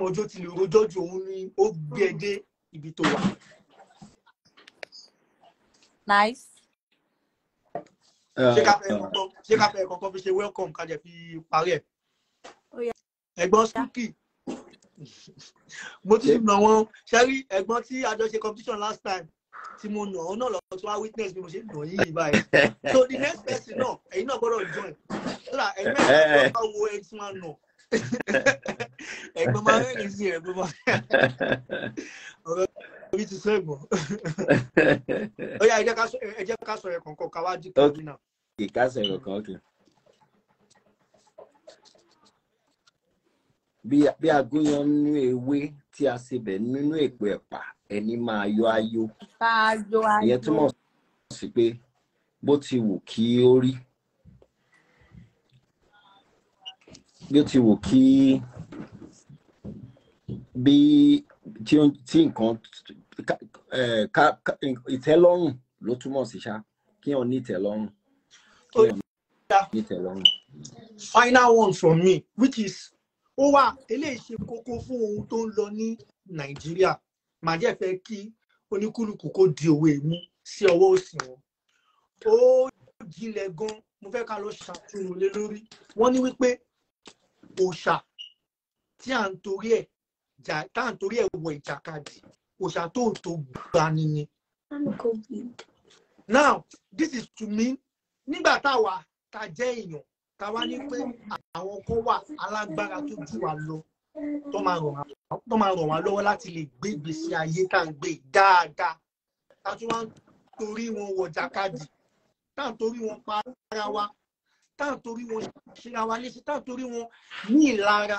mọjọ ti lè rojọ ju òun ni ó gbé ẹ dé ibi tó wà. nice. ṣé ká fẹ́ uh, kọ́kọ́ fi ṣe welcome ká jẹ́ fi parí ẹ̀. ẹ̀gbọ́n Spooky mo ti nà wọ́n ṣẹ́rí ẹ̀gbọ́n tí a jọ ṣe competition last time tí mo nà ọ́ náà lọ tó wá witness bí mo ṣe nà yín báyìí so the next person náà ẹ̀yin náà gbọ́dọ̀ join so that ẹ̀yin eh, eh. náà gbọ́dọ̀ wo ẹni tí wọ́n nà ẹ̀gbọ́n máa ń rìn sí ẹ̀gbọ́n máa ọ̀rọ̀ orí ti sẹ́gbọ̀n. ó yá ẹ jẹ́ ká sọ̀rọ̀ ẹ̀kọ̀ọ̀kan ká wá dì kí náà. ìka sọ̀rọ̀ kan ọ̀kẹ́. bí agúnyan nínú ewé tí a sebẹ̀ nínú èpò ẹ̀pà ẹni máa yọ ayọ̀. ìyẹn túmọ̀ sí pé bó ti wù kí ó rí bí ó ti wù kí bí tí nǹkan ìtẹ́lọ́rùn ló túmọ̀ sí ṣá kí wọ́n ní ìtẹ́lọ́rùn. ní ìtẹ́lọ́rùn. final one from me which is ó wà eléyìí ṣe kókó fún ohun tó ń lọ ní nàìjíríà màá jẹ́ fẹ́ kí oníkúlùkù kó di òwe mú sí ọwọ́ òsì wọn. ó jinlẹ̀ gan-an mo fẹ́ ká lọ ṣàtúnulẹ̀ lórí wọ́n ní wípé òòṣà tí à ń torí ẹ̀ jà tá à ń torí ẹ̀ wọ ìjàkadì òòṣà tó ń tó gbani ni. now this is to me nígbà táwa ta jẹ́ èèyàn táwa ní pé àwọn kan wà alágbára tó jù wá lọ tó máa ràn wá lọ́wọ́ láti lè gbé ìgbésí ayé tá à ń gbé dáadáa tá a tún wá ń torí wọn wọ ìjàkadì tá à ń torí wọn pa ara wa táà torí wọn ṣera wa léṣe táà torí wọn ní ìlara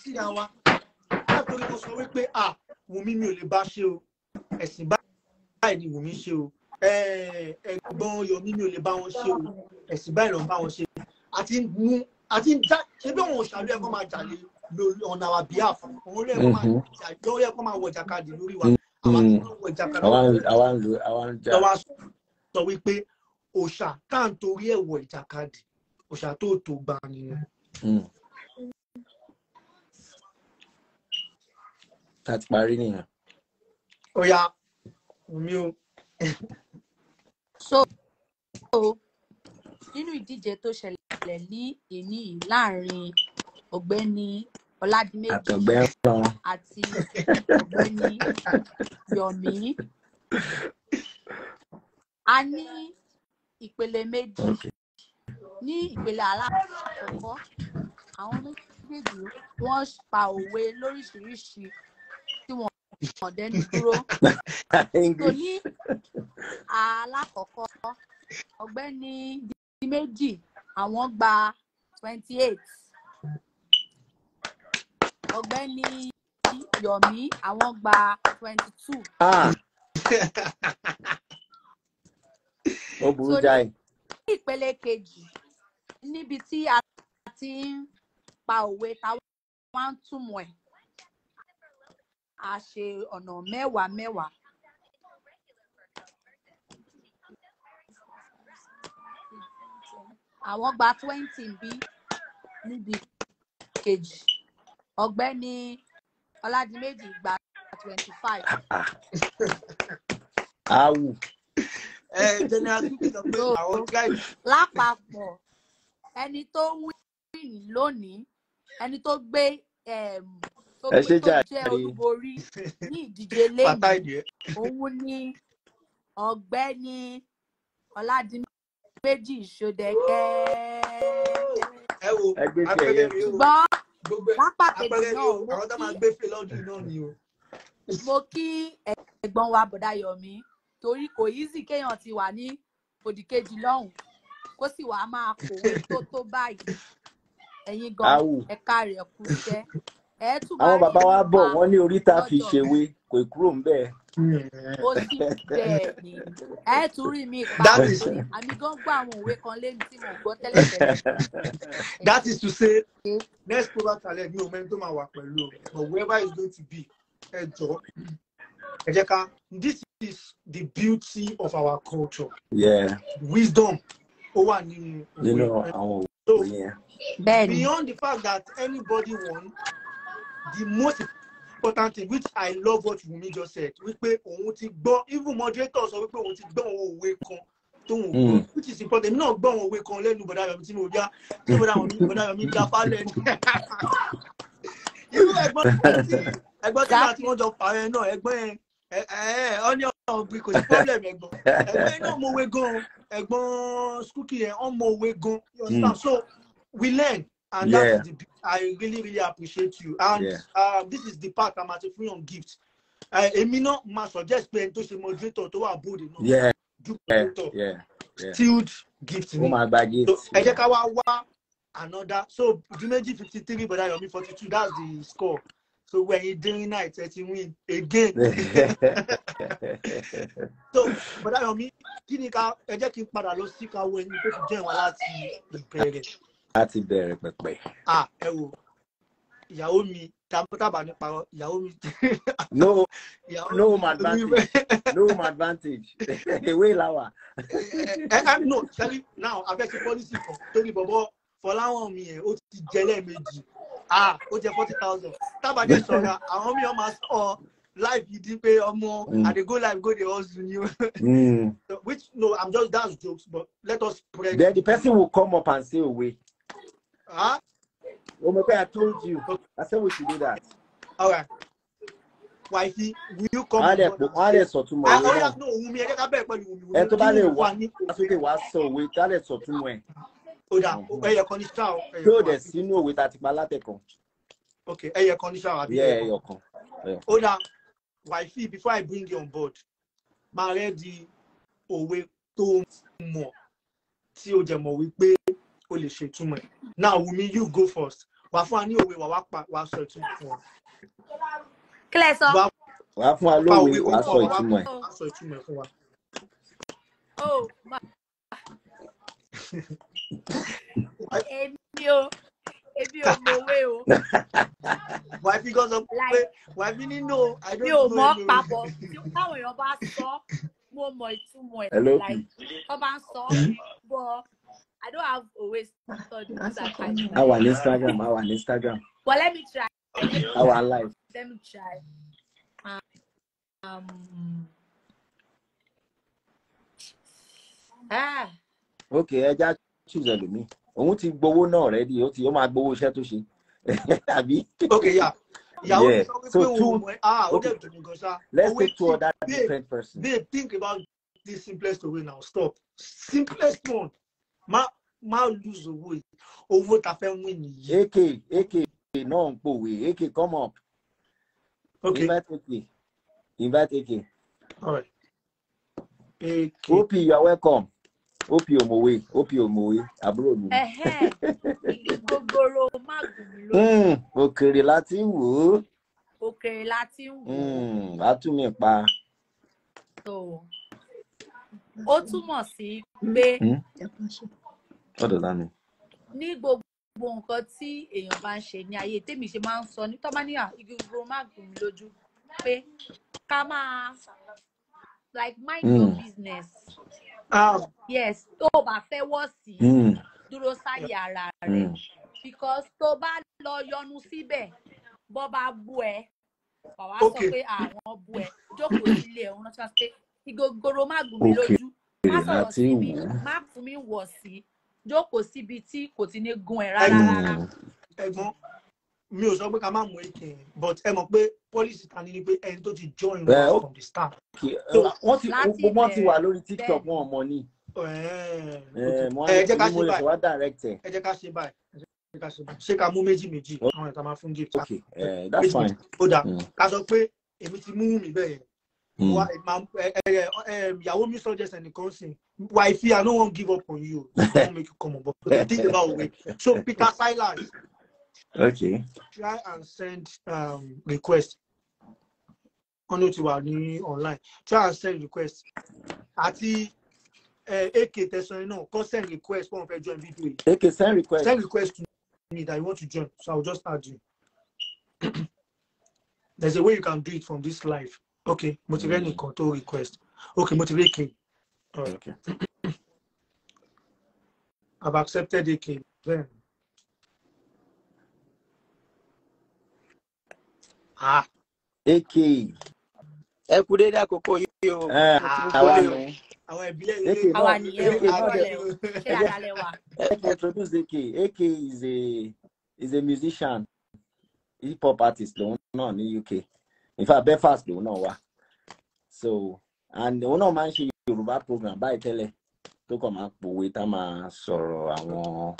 síra wa táà torí wọn sọ wípé à Wùmí mi ò lè bá ṣe o ẹ̀sìn báyìí ni Wùmí ṣe o ẹ̀gbọ́n Yọ̀mí mi ò lè bá wọn ṣe o ẹ̀sìn báyìí ló ń bá wọn ṣe àti mú àti já ṣe bí wọn ò ṣàlù ẹ̀kọ́ máa jàlè lórí ọ̀nà our behalf òun lè ẹ̀kọ́ máa wọjà mhm. kadì lórí wa àwọn mhm. wọjà kadì lórí wa àwọn sọ wípé òòṣà táà ń torí ẹ̀wọ̀ ìjàkadì òṣà tó tó gbà nínú. a ti parí nìyẹn. ó yá omi o. Mm. Oh, so nínú ìdíje tó ṣẹlẹ̀ ní èní láàrin ọ̀gbẹ́ni Ọládìméjì àti ọ̀gbẹ́ni Yomi a ní ìpele méjì. Okay ní ìpele alákọ̀ọ́kọ́ àwọn méjèèjì wọ́n pa òwe lóríṣiríṣi tí wọ́n kàn dẹ́nu dúró. tó ní alákọ̀ọ́kọ́ ọ̀gbẹ́ni di méjì àwọn gba twenty eight ọ̀gbẹ́ni Yomi àwọn gba twenty two. Ah. ó burú jáì. ní ìpele kejì níbi tí a ti ń pa òwe táwa ń túmọ̀ ẹ̀ a ṣe ọ̀nà mẹ́wàá mẹ́wàá. àwọn gba twenty bí níbi kejì ọ̀gbẹ́ni ọládìméjì gba twenty five. awù. ẹ jẹni agbègbè sọ pé àwọn gáì. lápapọ̀ ẹni tó win lónìí ẹni tó gbé ẹ ṣe jàre olúborí ní ìdíje lẹ́yìn òun ni ọ̀gbẹ́ni ọ̀làdìmẹ́jì ṣòdẹ̀kẹ́. ẹ wo apẹ̀lẹ̀ mi o apẹ̀lẹ̀ mi o àwọn tó máa gbé fè lọ́dún náà ni o. mo kí ẹ̀gbọ́n wa bọ̀dá yọ̀mí torí kò easy kéèyàn ti wà ní òdìkejì lọ́hùn-ún kó sì wàá máa kòwé tó tó báyìí ẹ̀yin gan ẹ̀ka rẹ̀ kú iṣẹ́ àwọn bàbá wa bọ̀ wọ́n ní orí fi ṣèwé kò kúrò ń ó sì bẹ́ẹ̀ ni ẹ tún rí mi pa àmì gan gbọ́ àwọn òwe kan lẹ́nu tí mo gbọ́ tẹ́lẹ̀ tẹ́lẹ̀. that is to say next program talent ni omen tó máa wà pẹ̀lú o but whoever is going to be ẹ jọ ẹ jẹ́ ká this is the beauty of our culture. Yeah. wisdom ó wà nínú nínú àwọn beyond the fact that anybody won the most important thing which i love what Wunmi just said wípé òun ti gbọ́ even moderator sọ wípé òun ti gbọ́ òun òwe kan tóun òwe hmm. which is important èmi náà gbọ́ òun òwe kan lẹ́nu bọ̀dá yọmi tí mo já tí bọ̀dá yọmi bọ̀dá yọmi já falẹ̀ ní. irú ẹ̀gbọ́n tí ẹ̀gbọ́n tí wọ́n jọ pààrọ̀ ẹ̀ náà ẹ̀gbọ́n ẹ̀ ẹ̀ ọ́ ní ọ̀gbìn kò sí problem ẹ̀gbọ́n ẹ̀gbọ́n náà mọ òwe ọ̀n mọ òwe gan hmm. so we learn and yeah. that is the I really really appreciate you and yeah. uh, this is the part I'm at free on gift eh, èmi náà máa suggest pé ẹni tó ṣe moderator tó wà bóde náà dúpọ̀ still gift ni ẹ jẹ́ ká wá wá another so Jumeji fifty but I am forty two that's the score. So when you're doing night, that you win again. so, but I mean, kini ka ká ẹ jẹ́ kí n padà lọ sí káwọ́ ẹni tó ti jẹ́ wọn láti ìbẹ̀rẹ̀. láti bẹ̀rẹ̀ pẹ̀pẹ̀. ah ẹ wo ìyàwó mi tábà pa. ìyàwó mi. no no my advantage no my advantage ewé làwà. ẹ ẹ no tẹ́lí now abẹ́sí pọ́lísì kan torí bọ̀bọ̀ Fọláwọ̀n mi e ó ti jẹ lẹ́ẹ̀mejì ah ó jẹ forty thousand tábàdé sọ̀rọ̀ àwọn mi ọmọ sọ life yìí di pé ọmọ mm. i dey go live, go dey hustle you mm. which no i'm just that's jokes but let us pray. then the person will come up and say owe. Huh? Omeke, oh, I told you. I said we should do that. All right. Wifey, will you come? Wọ́n ah, ah, eh, á lè pò wọ́n á lè sọ̀tún mọ̀ owó náà. Ẹ tó bá lè wá sókè wá sọ òwe, ká lè sọ̀tún mọ̀ ẹ̀ ó dà mm-hmm. ẹyẹ kan ní ṣáà. yóò dẹ̀ sínú òwe tá a ti pa látẹ̀kọ̀. ok ẹyẹ kan ní ṣáà àbí ẹyẹ kan. ó dà wàífì before i bring you on board máa rẹ́ di òwe tó mọ̀ tí o jẹ̀ mọ̀ wípé o lè ṣe ìtumọ̀ ẹ̀ now wumi you go first wà fún wa ní òwe wà wá sọ ìtumọ̀ fún ọ. kílẹ̀ sọ. wà fún wa lówe wà sọ ìtumọ̀ ẹ̀. wà sọ ìtumọ̀ ẹ̀ fún wa. Oh, Èmi o, èmi ò mọ̀wé o. Why because of fi Why pé wàá fi nínú o. Mi ò mọ̀ papọ̀ tí táwọn èèyàn bá sọ, mo mọ̀ ìtumọ̀ ẹ̀. Wọ́n bá ń so bọ̀ I don't have always studied that kind of Our Instagram, our Instagram. Well, let me try. Our life. Let me try. Um, um, ah. Okay, I just. choose ẹlòmíì òun ti gbowó náà rẹ di ó ti ó máa gbowó iṣẹ́ tó ṣe àbí. ok ya ìyàwó mi sọ pé ah ó dẹ̀ dùn gan ṣá. let's take two other different person. babe think about this simplest way now stop simplest one ma ma lose owó yìí owó ta fẹ́ win Eke, eke. ak náà ń pòwe ak come up. ok invite Eke. invite Eke. all right. Eke. op you are welcome ó fi òmòwe ó fi òmòwe mi. gogoro má gùn òkèrè la wò ó. òkèrè la wò ó. Hmm, a tún mi pa. ó túmọ̀ sí pé hmm? ní gbogbo nǹkan tí èèyàn bá ń ṣe ní ayé tèmi ṣe máa ń sọ ní tọ́ba ní igi gogoro má gùn mí lójú pé ká máa like mind your hmm. business. Ah. yes tó o bá fẹ́ wọ̀ sí hmm. dúró sáyé ara rẹ̀ hmm. because tó bá lọ yọnu síbẹ̀ bọ́ bá bú ẹ bàbá sọ pé àwọn ah, bú ẹ jókòó sílé ẹ̀ wọ́n náà sọ pé ìgogoro má gùn mí lójú má sọ̀rọ̀ síbi má fún mi wọ̀ sí jókòó síbi tí kò ti ní gun ẹ̀ rárá rárá mi ò sọ pé ká má mú èké but ẹ mọ̀ pé policy ta ni ni pé ẹni tó ti join us from the start. Uh, wọ́n ti wọ́n ti wà lórí tiktok wọn ọmọ ni. Oh, eh, eh, eh, ẹ jẹ́ ká ṣe báyìí ẹ jẹ́ ká ṣe báyìí ṣé ká mú méjì méjì àwọn ìta máa fún gift. okay that's fine. ó dà mm. ká sọ pé èmi ti mú mi bẹ́ẹ̀ mm. ìyàwó mi suggest ẹnìkan sí wàá fi i no wan give up on you i wan make you come on board so think about so Peter Silas Okay. Try and send um, request. on tí wà online. Try and send request. Àti the tẹ̀sán náà kọ́ send request fún ọ̀fẹ́ join video. okay send request. Send request to me that you want to join so I will just add you. There's a way you can do it from this live. Okay, motivate mm. control request. Okay, motivate Okay. I've accepted AK. Then. ak ah. ẹ kú dédé àkókò yìí o eh, àwa ni àwọn ìbílẹ̀ ilé àwa ni introduce ak ak is a is a musician hip hop artist lòun náà ní uk in fact belfast lòun náà wà so and òun náà máa ń ṣe yorùbá program báyìí tẹ́lẹ̀ tó kàn máa ń pòwe tá máa sọ̀rọ̀ àwọn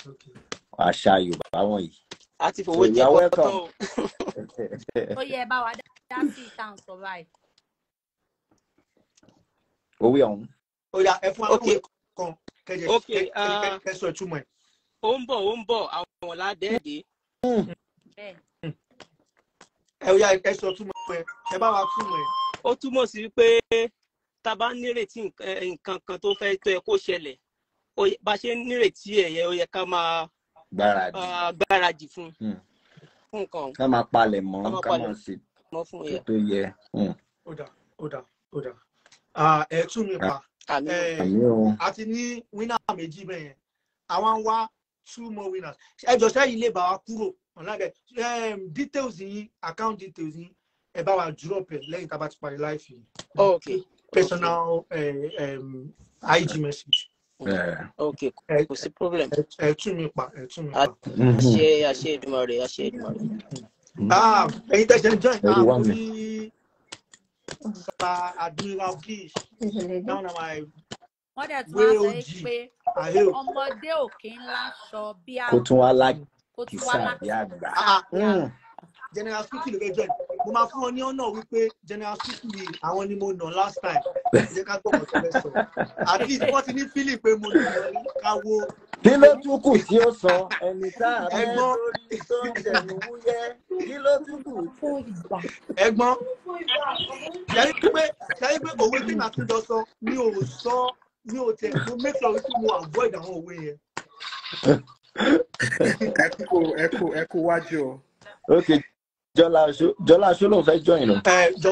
àṣà yorùbá wọ̀nyí. a ti fowó jẹ́ kọ́tọ́ o ó yẹ bá wa dá sí ìtàn sọ báyìí. owó ọ̀hún. ó yá ẹ fún àwọn kan kẹjẹ kẹsọ ìtumọ̀ ẹ̀. ó ń bọ̀ ó ń bọ̀ àwọn ọ̀la dẹ́ẹ̀dẹ́. ẹ ó yá ẹ sọ túmọ̀ ẹ ẹ bá wa túmọ̀ ẹ. ó túmọ̀ sí pé tá a bá nírètí nǹkan kan tó fẹ́ tó yẹ kó ṣẹlẹ̀ bá a ṣe nírètí ẹ̀ yẹ ó yẹ ká máa gbáradì fún fún nǹkan. ká máa palẹ̀ mọ́ ká máa ṣe tó yẹ. Hmm. ó dà ó dà ó dà ẹ tú mi pa a ti ní wínà méjì bẹ́ẹ̀ yẹn àwọn wá two more winners ẹ jọ sẹ́yìn lè bá wa kúrò ọ̀nàgẹ̀ details yín account details yín ẹ bá wa drop ẹ lẹ́yìn tá a bá ti parí láìfì. personal okay. Uh, eh, um, IG message ok kò sí problem. ẹ tú mi pa ẹ tú mi pa. àṣẹ àṣẹ Èdùmàrè àṣẹ Èdùmàrè. Mm-hmm. Ah, ẹ̀yin tẹsẹ ń join náà lórí ọba admiral kish down on my wọ́n dẹ̀ tún wá sọ pé ọmọdé òkè ńlá sọ bí àgbà kó tún wá lágbà. Ah, general speaking ló fẹ́ join mo máa fún ọ ní ọ̀nà wípé general sukuri àwọn ni mo nà last time jẹ́ ká gbọ́dọ̀ tó fẹ́ sọ at least wọ́n ti ní Philip? pé mo nà lórí ká wo. kí ló tún kù tí ó sọ ẹni tá a bẹ lórí tó ń tẹnu wúyẹ kí ló tún kù tó ìgbà. ẹ̀gbọ́n yẹri pé yẹri pé òwe tí màá tún jọ sọ mi ò sọ mi ò tẹ mo make sure wípé mo avoid àwọn òwe yẹn. ẹ kú ẹ kú ẹ kú wájú o. okay jọlá aṣọ ló ń fẹ́ jọ ìnà. ẹ jọ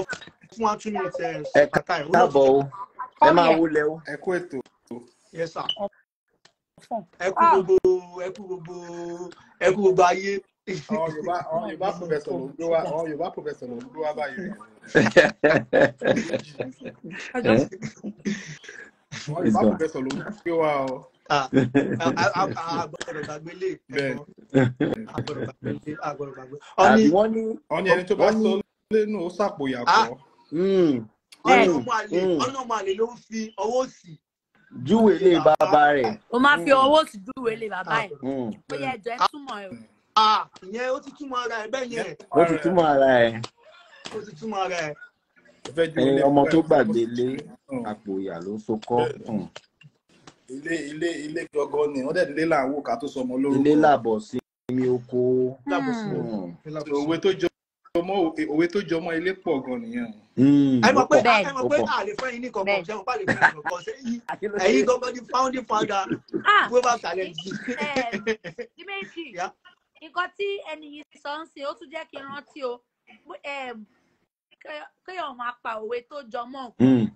fún wa tún ní ìtẹ ẹka káàbọ̀ o ẹ máa wọlé o. ẹ kú ètò. ẹ kú gbogbo ẹ kú gbogbo ẹ kú gbogbo ayé. àwọn yorùbá pòfẹsọ ló ń gbé wa àwọn yorùbá pòfẹsọ ló ń gbé wa báyìí. àwọn yorùbá pòfẹsọ ló ń gbé wa o. Ah, wọ́n ní ẹni tó bá sọ lẹ́nu ó ṣàpòyà pọ̀. ọ̀nà màlè ló ń fi ọwọ́ òsì. júwe lé bàbá rẹ̀. o máa fi hmm. ọwọ́ òsì júwe lé bàbá ah, ẹ̀. Hmm. ó yẹ ẹjọ́ ẹ ah, túmọ̀ ẹ̀. ìyẹn ó ti túmọ̀ ara ẹ̀ bẹ́ẹ̀ yẹn. ó ti túmọ̀ ara ẹ̀. ó ti túmọ̀ ara ẹ̀. ọmọ tó gbàgbé lé hmm. àpò ìyá ló so kọ́ ilé ilé ilé gangan ni wọ́n dẹ̀ ilé là ń wò ká tó sọmọ lórúkọ. Hmm. Hmm. ilé làbọ̀ sí mi oko. òwe tó jọ ọmọ òwe tó jọ ọmọ ilé pọ̀ gan nìyẹn. Hmm. ẹ mọ̀ pé ẹ mọ̀ pé àlè fẹ́ yín ní kankan ṣe mo bá lè fẹ́ yín kankan ṣe ẹ̀yin gangan ni founding founder global challenge. dimeji nǹkan tí ẹni yìí sọ ń sìn ó tún jẹ́ kí n rántí o kéèyàn máa pa òwe tó jọ mọ́ nǹkan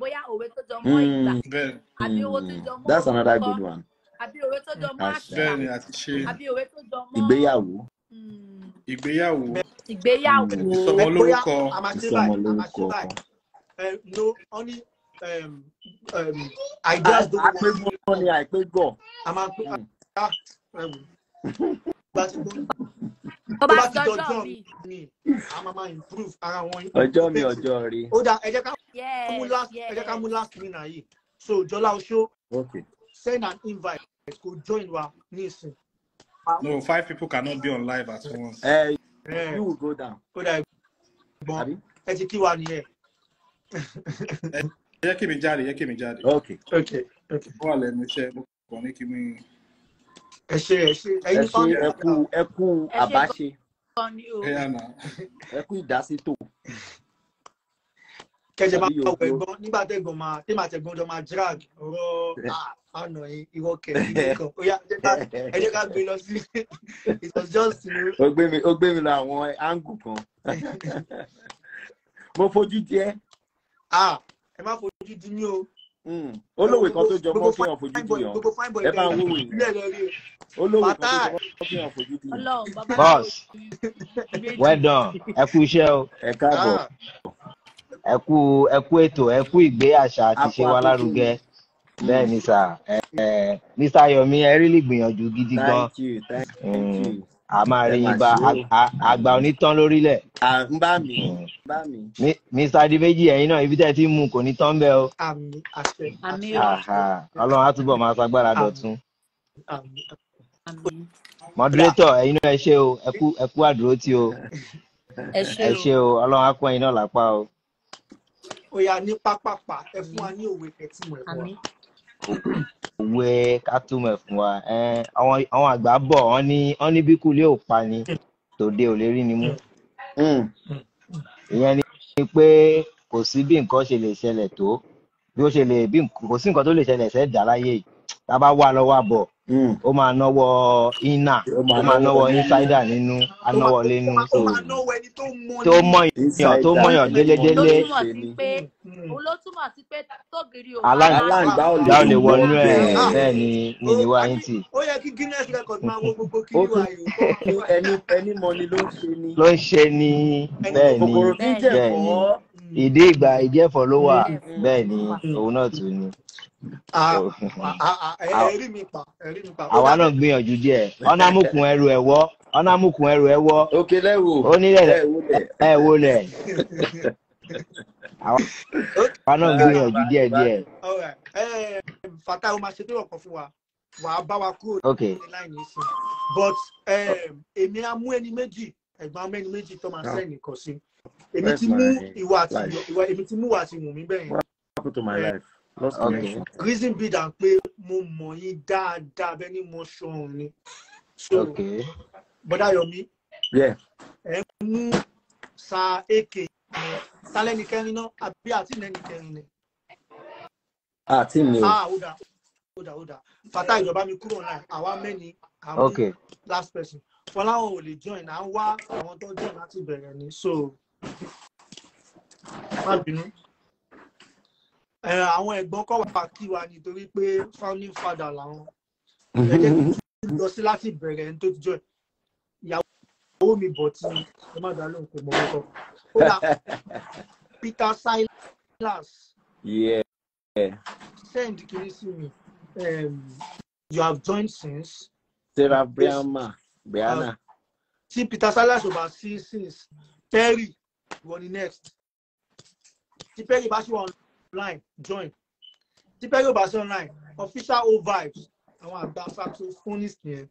bóyá òwe tó jọ mọ́ hmm, ìgbà àbí owó tó hmm, jọ mọ́ that's another good one àbí òwe tó jọ mọ́ àṣà àbí òwe tó jọ mọ́ ìgbéyàwó hmm. ìgbéyàwó ìgbéyàwó ìsọmọlórúkọ ìsọmọlórúkọ no only um, um, I just don't àpégbọ́ ni àpégbọ́. a máa ń pè tó bá ti mi a máa máa improve ara wọn. ọjọ́ mi ọjọ́ rí. ó dà ẹ jẹ́ ká mú last ẹ ká mú last winner yìí so jọlá oṣó send an invite go join wa ní no five people cannot be on live at once. ẹ eh, hey, eh. you will go down. ó dà ìgbọ́n ẹ ti kí wa nìyẹn. ẹ jẹ́ kí mi jáde jẹ́ kí mi jáde. ok ok ok. wọ́n á lẹ́nu iṣẹ́ mo kàn ní kí mi. ẹ ṣe ẹ ṣe ẹyin fáwọn ẹ kú ẹ kú àbáṣe ẹ kú ìdásítò. kẹjẹ máa bá ọwọ ẹ̀gbọ́n nígbà tẹ̀gbọ́n máa tí màá tẹ̀gbọ́n jọ máa drag ọ̀rọ̀ ah, àná yín irọ́ kẹrin nìkan ó yá ẹ jẹ́ ká gbé lọ sí it was just. ó gbé mi ó gbé mi lọ àwọn áńgù kan mo fojú di ẹ. Ah, ẹ má fojú di mí o. Hmm. olówó kan tó jọ mọ́ kí wọ́n fojú di yàn ẹ bá ń wò wí olówó kan tó jọ mọ́ kí fojú di yàn. boss well done ẹ kú iṣẹ́ o ẹ káàbọ̀ ẹ kú ẹ kú ètò ẹ kú ìgbé àṣà àti ṣe wa lárugẹ bẹ́ẹ̀ ni sà Mr. Yomi ẹ rí lè gbìyànjú gidi gan. thank you thank hmm. you a máa rí ibà àgbà onítàn lórílẹ̀. à ń bá mi. mr hmm. adimeji ẹ̀yin náà ibi tẹ́ ẹ ti mú kò ní tán bẹ́ẹ̀ o. ọlọ́run á túbọ̀ máa ṣagbára dọ̀tun. moderator ẹ̀yin náà ẹ ṣé o ẹ kú àdúró tí o ẹ ṣé o ọlọ́run á kún ẹ̀yin náà lápá o. ó ní pápápá ẹ fún wa ní òwe kẹtìmọ̀ ẹ̀kọ́ òwe ká túmọ̀ fún wa àwọn àgbà bọ̀ wọ́n ní wọ́n ní bí kúlé ò pa ni tòde ò lè rí ni mú hmm. ìyẹn ni pé kò sí bí nǹkan ṣe lè ṣẹlẹ̀ tó bí ó ṣe lè bí kò sí nǹkan tó lè ṣẹlẹ̀ ṣẹ̀dá láyé yìí tá a bá wà lọ́wọ́ àbọ̀ Mm. ó máa náwó iná ó máa náwó insider nínú anáwó lẹ́nu tó mọ̀yàn tó mọ̀yàn délédélé aláǹgbá ò lè wọnú ẹ̀ bẹ́ẹ̀ ni ni ìwà yín tì. ó yẹ kí Guinness record máa wo gbogbo kí wà yìí ẹni ẹni mọ̀ni ló ń ṣe ni. ló ń ṣe ni bẹ́ẹ̀ ni bẹ́ẹ̀ ni ìdí ìgbà ìjẹ́fọ́ ló wà bẹ́ẹ̀ ni mm. òun náà tún ni. Oh. ẹ̀rí mi pa ẹ̀rí mi pa. àwa náà gbìyànjú díẹ̀ ọ̀nà amúkùn ẹrù ẹ̀ wọ́ ọ̀nà amúkùn ẹrù ẹ̀ wọ́. òkè lẹ́wò onílẹ̀ ẹ̀ wò lẹ̀. àwa náà gbìyànjú díẹ̀ díẹ̀. fata o máa ṣe tó rọ̀kọ̀ fún wa wàá bá wa kúrò ní láì ní sùn but èmi á mú ẹni méjì ẹ̀gbọ́n amú ẹni méjì tó máa ah. sẹ́yìn nìkan sí èmi ti mú eh? ìwà àti ìwà èmi ti mú ìwà àti ìwùmí bẹ́ẹ̀ yẹn. What happened to my eh, life? lost connection. reason be that pé mo mọ̀ yín dáadáa bẹ́ẹ̀ ni mo ṣọ̀hún ni. so bọ́dá yomi. ẹ mú sa èké sálẹ́ni kẹrin náà àbí àti lẹ́ni kẹrin ni. àti mi o. ah ó dà ó dà fata ìjọba mi kúrò náà àwa mẹ́ni àwọn last person fọláwọn ò lè join à ń wá àwọn tó join láti bẹ̀rẹ̀ ni so má bínú àwọn ẹ̀gbọ́n kọ́ wà kí wa nítorí pé founding father làwọn mm-hmm. ẹ̀jẹ̀ tó lọ sí láti bẹ̀rẹ̀ ẹni tó ti jọ ìyàwó mi bọ̀ tí ẹ má dá lóhùn kò mọ orúkọ ó dà Peter Silas send kiri sí mi you have joined since Sarah Brianna Brianna ah, tí Peter Silas ò bá sí since Perry wọ ni next tí Perry bá sì wà online join tí pẹ́ẹ́rì ò bá sí online official old vibes àwọn àgbà saxophonist yẹn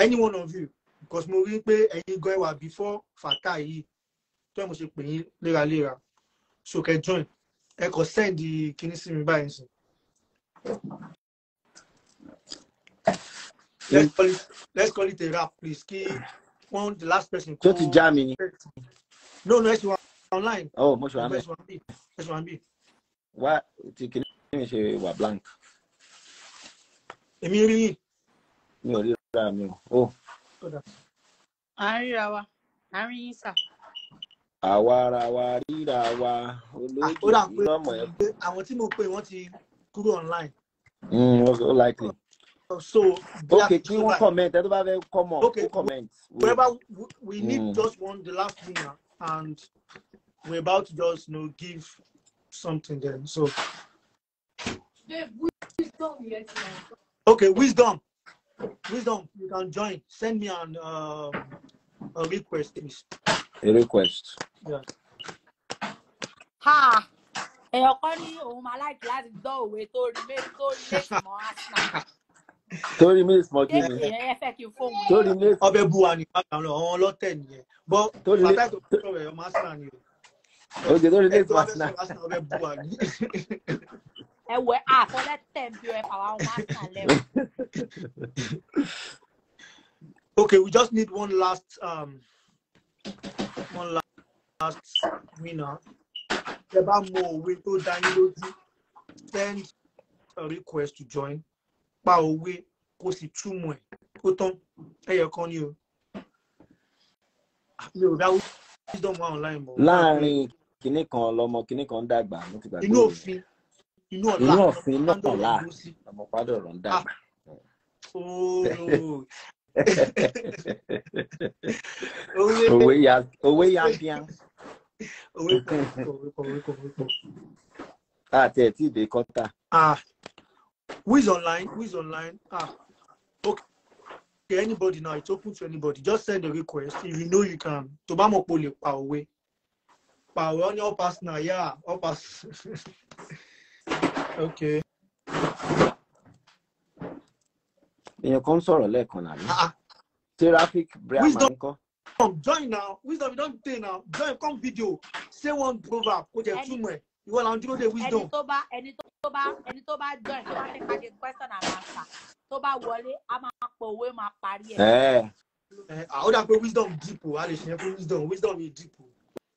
any one of you because mo rí pé ẹ̀yin gan ẹwà before fata yìí tó ẹ̀ mo ṣe pè yín léraléra so kẹ́ join ẹ kò send kinní sí mi báyìí sí. Let's call it, let's call it a wrap, please. Kí wọ́n the last person. Tó ti já mi ni. No, no, ẹ ṣe wà online. Oh, mo ṣe wà mí. Ẹ ṣe wà mí wá tí kìíní mi ṣe wà blank. èmi rí yìí. mi ò rí ra mi o. Oh. à ń ríra wa à ń rí yín sà. àwa ara wa ríra wa olóògbé lọ́mọ ẹ̀. àwọn tí mo pè wọ́n ti kúrò online. Mm, okay, likely. So, okay, kí wọ́n comment, ẹ tó bá fẹ́ comment, okay, comment. Wherever we, need mm. just one, the last winner, and we about to just you know, give something then. So. Okay, wisdom. Wisdom, you can join. Send me an uh, a request, please. A request. Yeah. Ha! ẹ̀yọ̀ kan ní òun máa láìkí láti gbọ́ òwe tó rí méjì tó rí méjì mọ́ arsenal. tó rí méjì mọ́ kí de é tempo falar Okay, we just need one last um one last, last winner. Teba Mo Daniel to send a request to join. Pa owe kò two more. ẹ̀ hey, I call you. ni o. Mi ò dá not online mọ́. Line. kinní kan lọmọ kinní kan dàgbà mo ti gbàgbé inú òfin inú ọ̀la inú òfin lọ́kànlá ọmọ Pádọ̀rọ̀ ń ah. dàgbà. òwe ya òwe ya bíá. òwe kọ òwe kọ òwe kọ òwe kọ. àti ẹ̀ tí ìdè kọ́tà. Ah. who is online who is online ah okay anybody now it's open to anybody just send a request if you know you can tó bá mọ̀ pé o lè pa òwe pa onye ọpas na ya ọpas ok. èèyàn kan sọ̀rọ̀ lẹ́ẹ̀kan nàbí. seraphic brahma ń come join now wisdom you don dey now join come video say one proverb kò jẹ túmọ̀ You want to dúró the wisdom. Any toba, any toba, any toba join tó bá ní ká ṣe question and answer Toba bá wọlé a máa pọ̀ owó máa parí ẹ̀. Eh, ah, ó dà wisdom deep o a lè wisdom wisdom yìí deep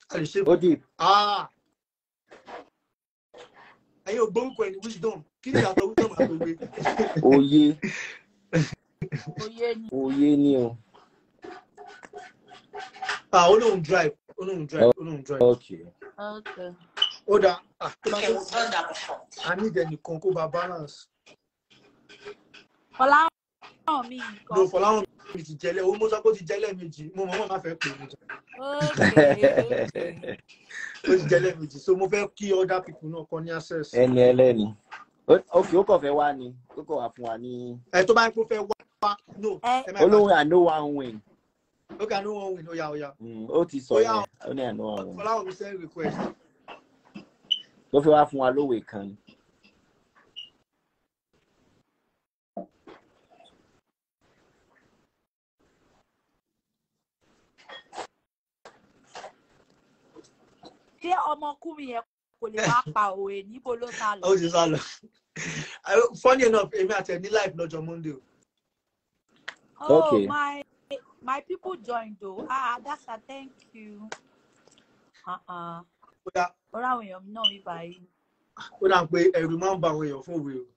Ali Shehu. Odip. Ah. Ẹ̀yin ò gbórúkọ ẹni wisdom. Kí ni àtọ̀ wisdom àtòwe? Oiê Oyè ni. Oyè ni o. olha ah, um drive. Olóhùn drive. Olóhùn drive. Ok, Ok. Oda, Ah, tó bá tó. A ní ìdẹ̀nìkan kó ba balance. Ọlá mi nǹkan. lò fọláwọn mi ti jẹlẹ o mo sọ pé ó ti jẹlẹ méjì mo mọ mọ má fẹ́ pè mí jẹ. ti jẹlẹ méjì so mo fẹ́ kí other people náà kọ ní access. ẹni ẹlẹ́ni òkè ó kàn fẹ́ wá ni ó kàn wá fún wa ní. ẹ tó bá ń kó fẹ́ wá no. olóhùn àná wa ń wìn. ó kà ní wọn wìn óyá óyá. Hmm, ó ti sọ yẹn ó ní àná wa ń wìn. fọláwọn mi send request. ló fẹ́ wá fún wa lówe kan ni. ọmọkùnrin yẹn kò lè wá pa òwe níbo ló sá lọ. ó sì sá lọ funny enough èmi àti ẹ ní live lọ́jọ́ monday o. oh my my people join o ah dasa thank you. Uh-uh. ọ̀rọ̀ àwọn èèyàn náà mi báyìí. ó dà pé ẹ̀rù máa ń ba àwọn èèyàn fún òwe o.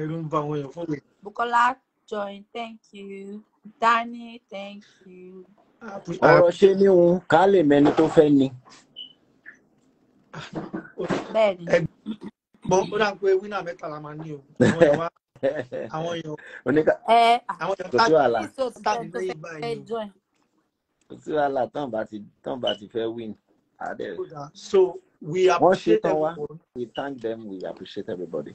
ẹ̀rù ń ba àwọn èèyàn fún òwe. Bukola join thank you Danny thank you ọ̀rọ̀ ṣe ni òun ká lè mẹ́ni tó fẹ́ ni. bẹ́ẹ̀ni. ó dà pé wínà mẹ́ta máa ní o àwọn èèyàn wá àwọn èèyàn. oníkà àwọn èèyàn tá a tó tó wàhálà tán bá ti tán bá ti fẹ́ win. so we appreciate everyone. we thank them we appreciate everybody.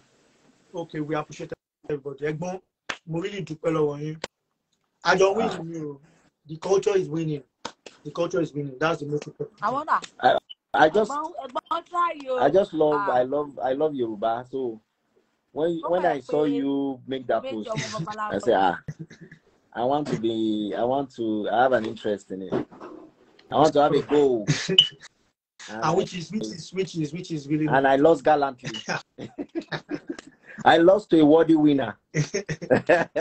okay we appreciate everybody ẹ̀gbọ́n mo really dúpẹ́ lọ́wọ́ yín àjọ win ah. ni o. the culture is winning. The culture is winning. That's the most important. I to I, I just I just love uh, I love I love Yoruba. So when when I saw you make that post, I said ah, I want to be I want to I have an interest in it. I want to have a goal. and, and which ah. is which is which is which is really. And I lost gallantly. I lost to a worthy winner. thank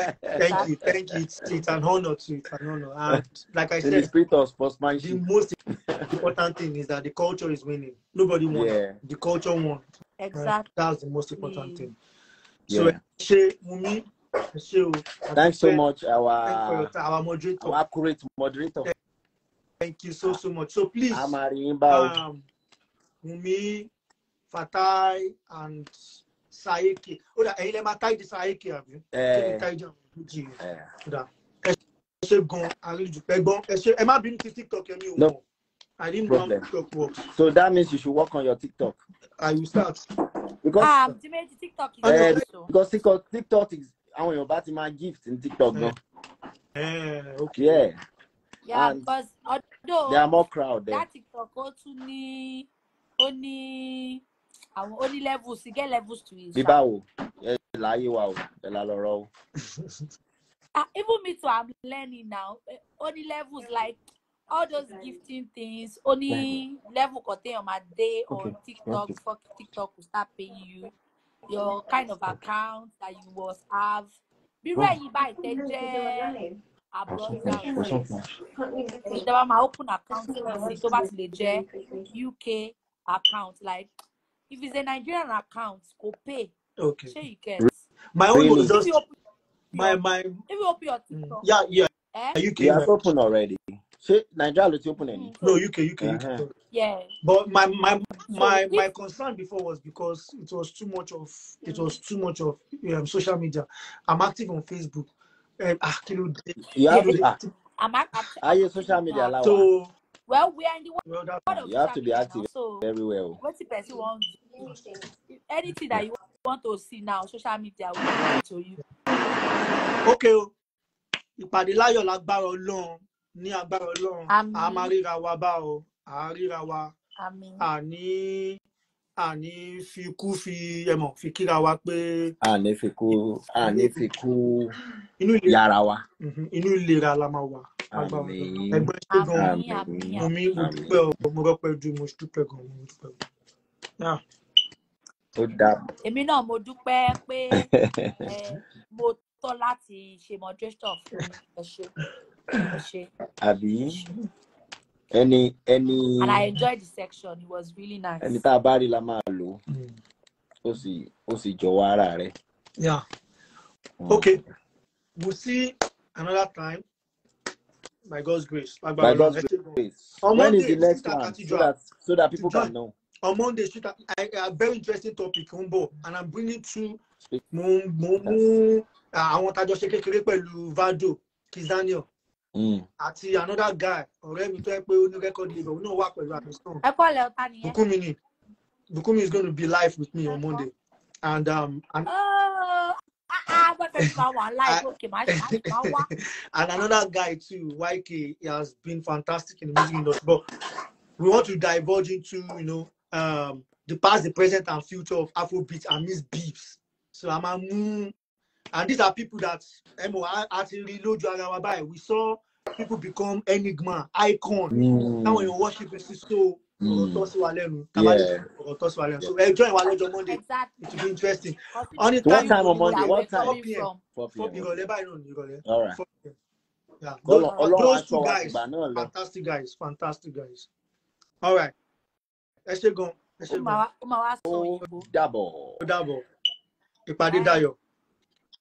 you, thank you. It's, it's, an honor to it's an honor. And like I said, the spirit of The most important thing is that the culture is winning. Nobody won. Yeah. The culture won. Exactly. Right? That's the most important thing. So, yeah. Thanks so much, our our moderator, our accurate moderator. Thank you so so much. So please, um, Mumi, Fatai, and sàyéèkì e ó dà ẹ̀yin lẹ́ máa táìdì sàyéèkì àbí kí ni táìdì àwọn méjì yẹn ó dà ẹ ṣe gan àlejò pẹ́ gbọ́n ẹ ṣe ẹ má bínú tiktok ẹ mi ò I didn't problem. know TikTok works. So that means you should work on your TikTok. I will start. Because, um, TikTok is uh, also. because TikTok, TikTok is want your ti my gift in TikTok gan. Uh, uh, okay. Yeah. Yeah, and because although there are more crowd there. That TikTok ó tún ní ó Only levels you get levels to his. bíbá o ẹ láyé wa o ẹ ah, even me too i'm learning now eh, Only levels like all those gifting things Only level content on máa day on tiktok Fuck tiktok will start paying you your kind of account that you must have Be ready by tẹ́ jẹ́ abroad ìjọba máa open account sí tó bá uk account like if it's a Nigerian account, go pay. Okay. Sure you get. My own was just my my. If you open your mm. TikTok. Yeah, yeah. Eh? UK. Yeah, it's open already. See Nigeria let is open any. No, UK, UK, uh-huh. UK. Yeah. But my my my so my concern before was because it was too much of mm. it was mm. too much of um, social media. I'm active on Facebook. Um, ah, you know, you have, ah. active. are you social media? So Well, we are in the world of You have to be active now, so everywhere. Oh. What the person wants, Anything that you want to see now, social media will be to you. Okay. Oh. Ìpàdé láyọ̀ lágbára Ọlọ́run ní agbára Ọlọ́run. A máa ríra wa bá o, oh. a ríra wa. Àní àní fikú fi ẹmọ̀ fi kíra wa pé. Àní fikú àní fikú yàrá wa. Mhm, inú ìlera la máa wà ẹgbẹ́ ṣe gan mo mi mo dúpẹ́ ọ mo dúpẹ́ ju mo dúpẹ́ gan mo dúpẹ́ gan. ó dàbọ̀. èmi náà mo dúpẹ́ pé mo tọ́ láti ṣe moderator fún ẹ ṣe ẹ ṣe. àbí ẹni ẹni. and I enjoyed the section it was really nice. ẹni tá a bá rí la máa lò ó hmm. sì ó sì jọ̀wọ́ ara rẹ̀. yeah hmm. okay we'll see another time. My God's grace. My by God's grace. On when Monday, is the next one? So that, so that people can know. On Monday, shoot at, I, a very interesting topic, Humbo, and I'm bringing to mo mo mú uh, àwọn tajọ ṣe kékeré pẹ̀lú Vado Kizaniel mm. àti another guy ọ̀rẹ́ mi tó yẹ pé ó ní record label òun náà wà pẹ̀lú àtúnṣe. ẹ kọ́ lẹ ọ̀tá nìyẹn. Bukumi Bukumi is gonna be live with me on Monday and um, and. Oh. And another guy too, YK, he has been fantastic in the music industry. But we want to diverge into, you know, um, the past, the present, and future of Afrobeat and Miss Beeps. So I'm a moon. And these are people that eh, MO actually load by. We saw people become enigma, icon. Mm. Now when you worship so ọ̀rọ̀ tọ́ hmm. lọ́jọ́ monday it will be interesting on the time on monday what time four pm four pm ìrọ̀lẹ́ báyìí náà ìrọ̀lẹ́ four pm yeah those two guys fantastic guys fantastic guys all right ẹ ṣé gan ẹ ṣé gan ó dàbọ̀ ó dàbọ̀ ìpàdé dayọ̀.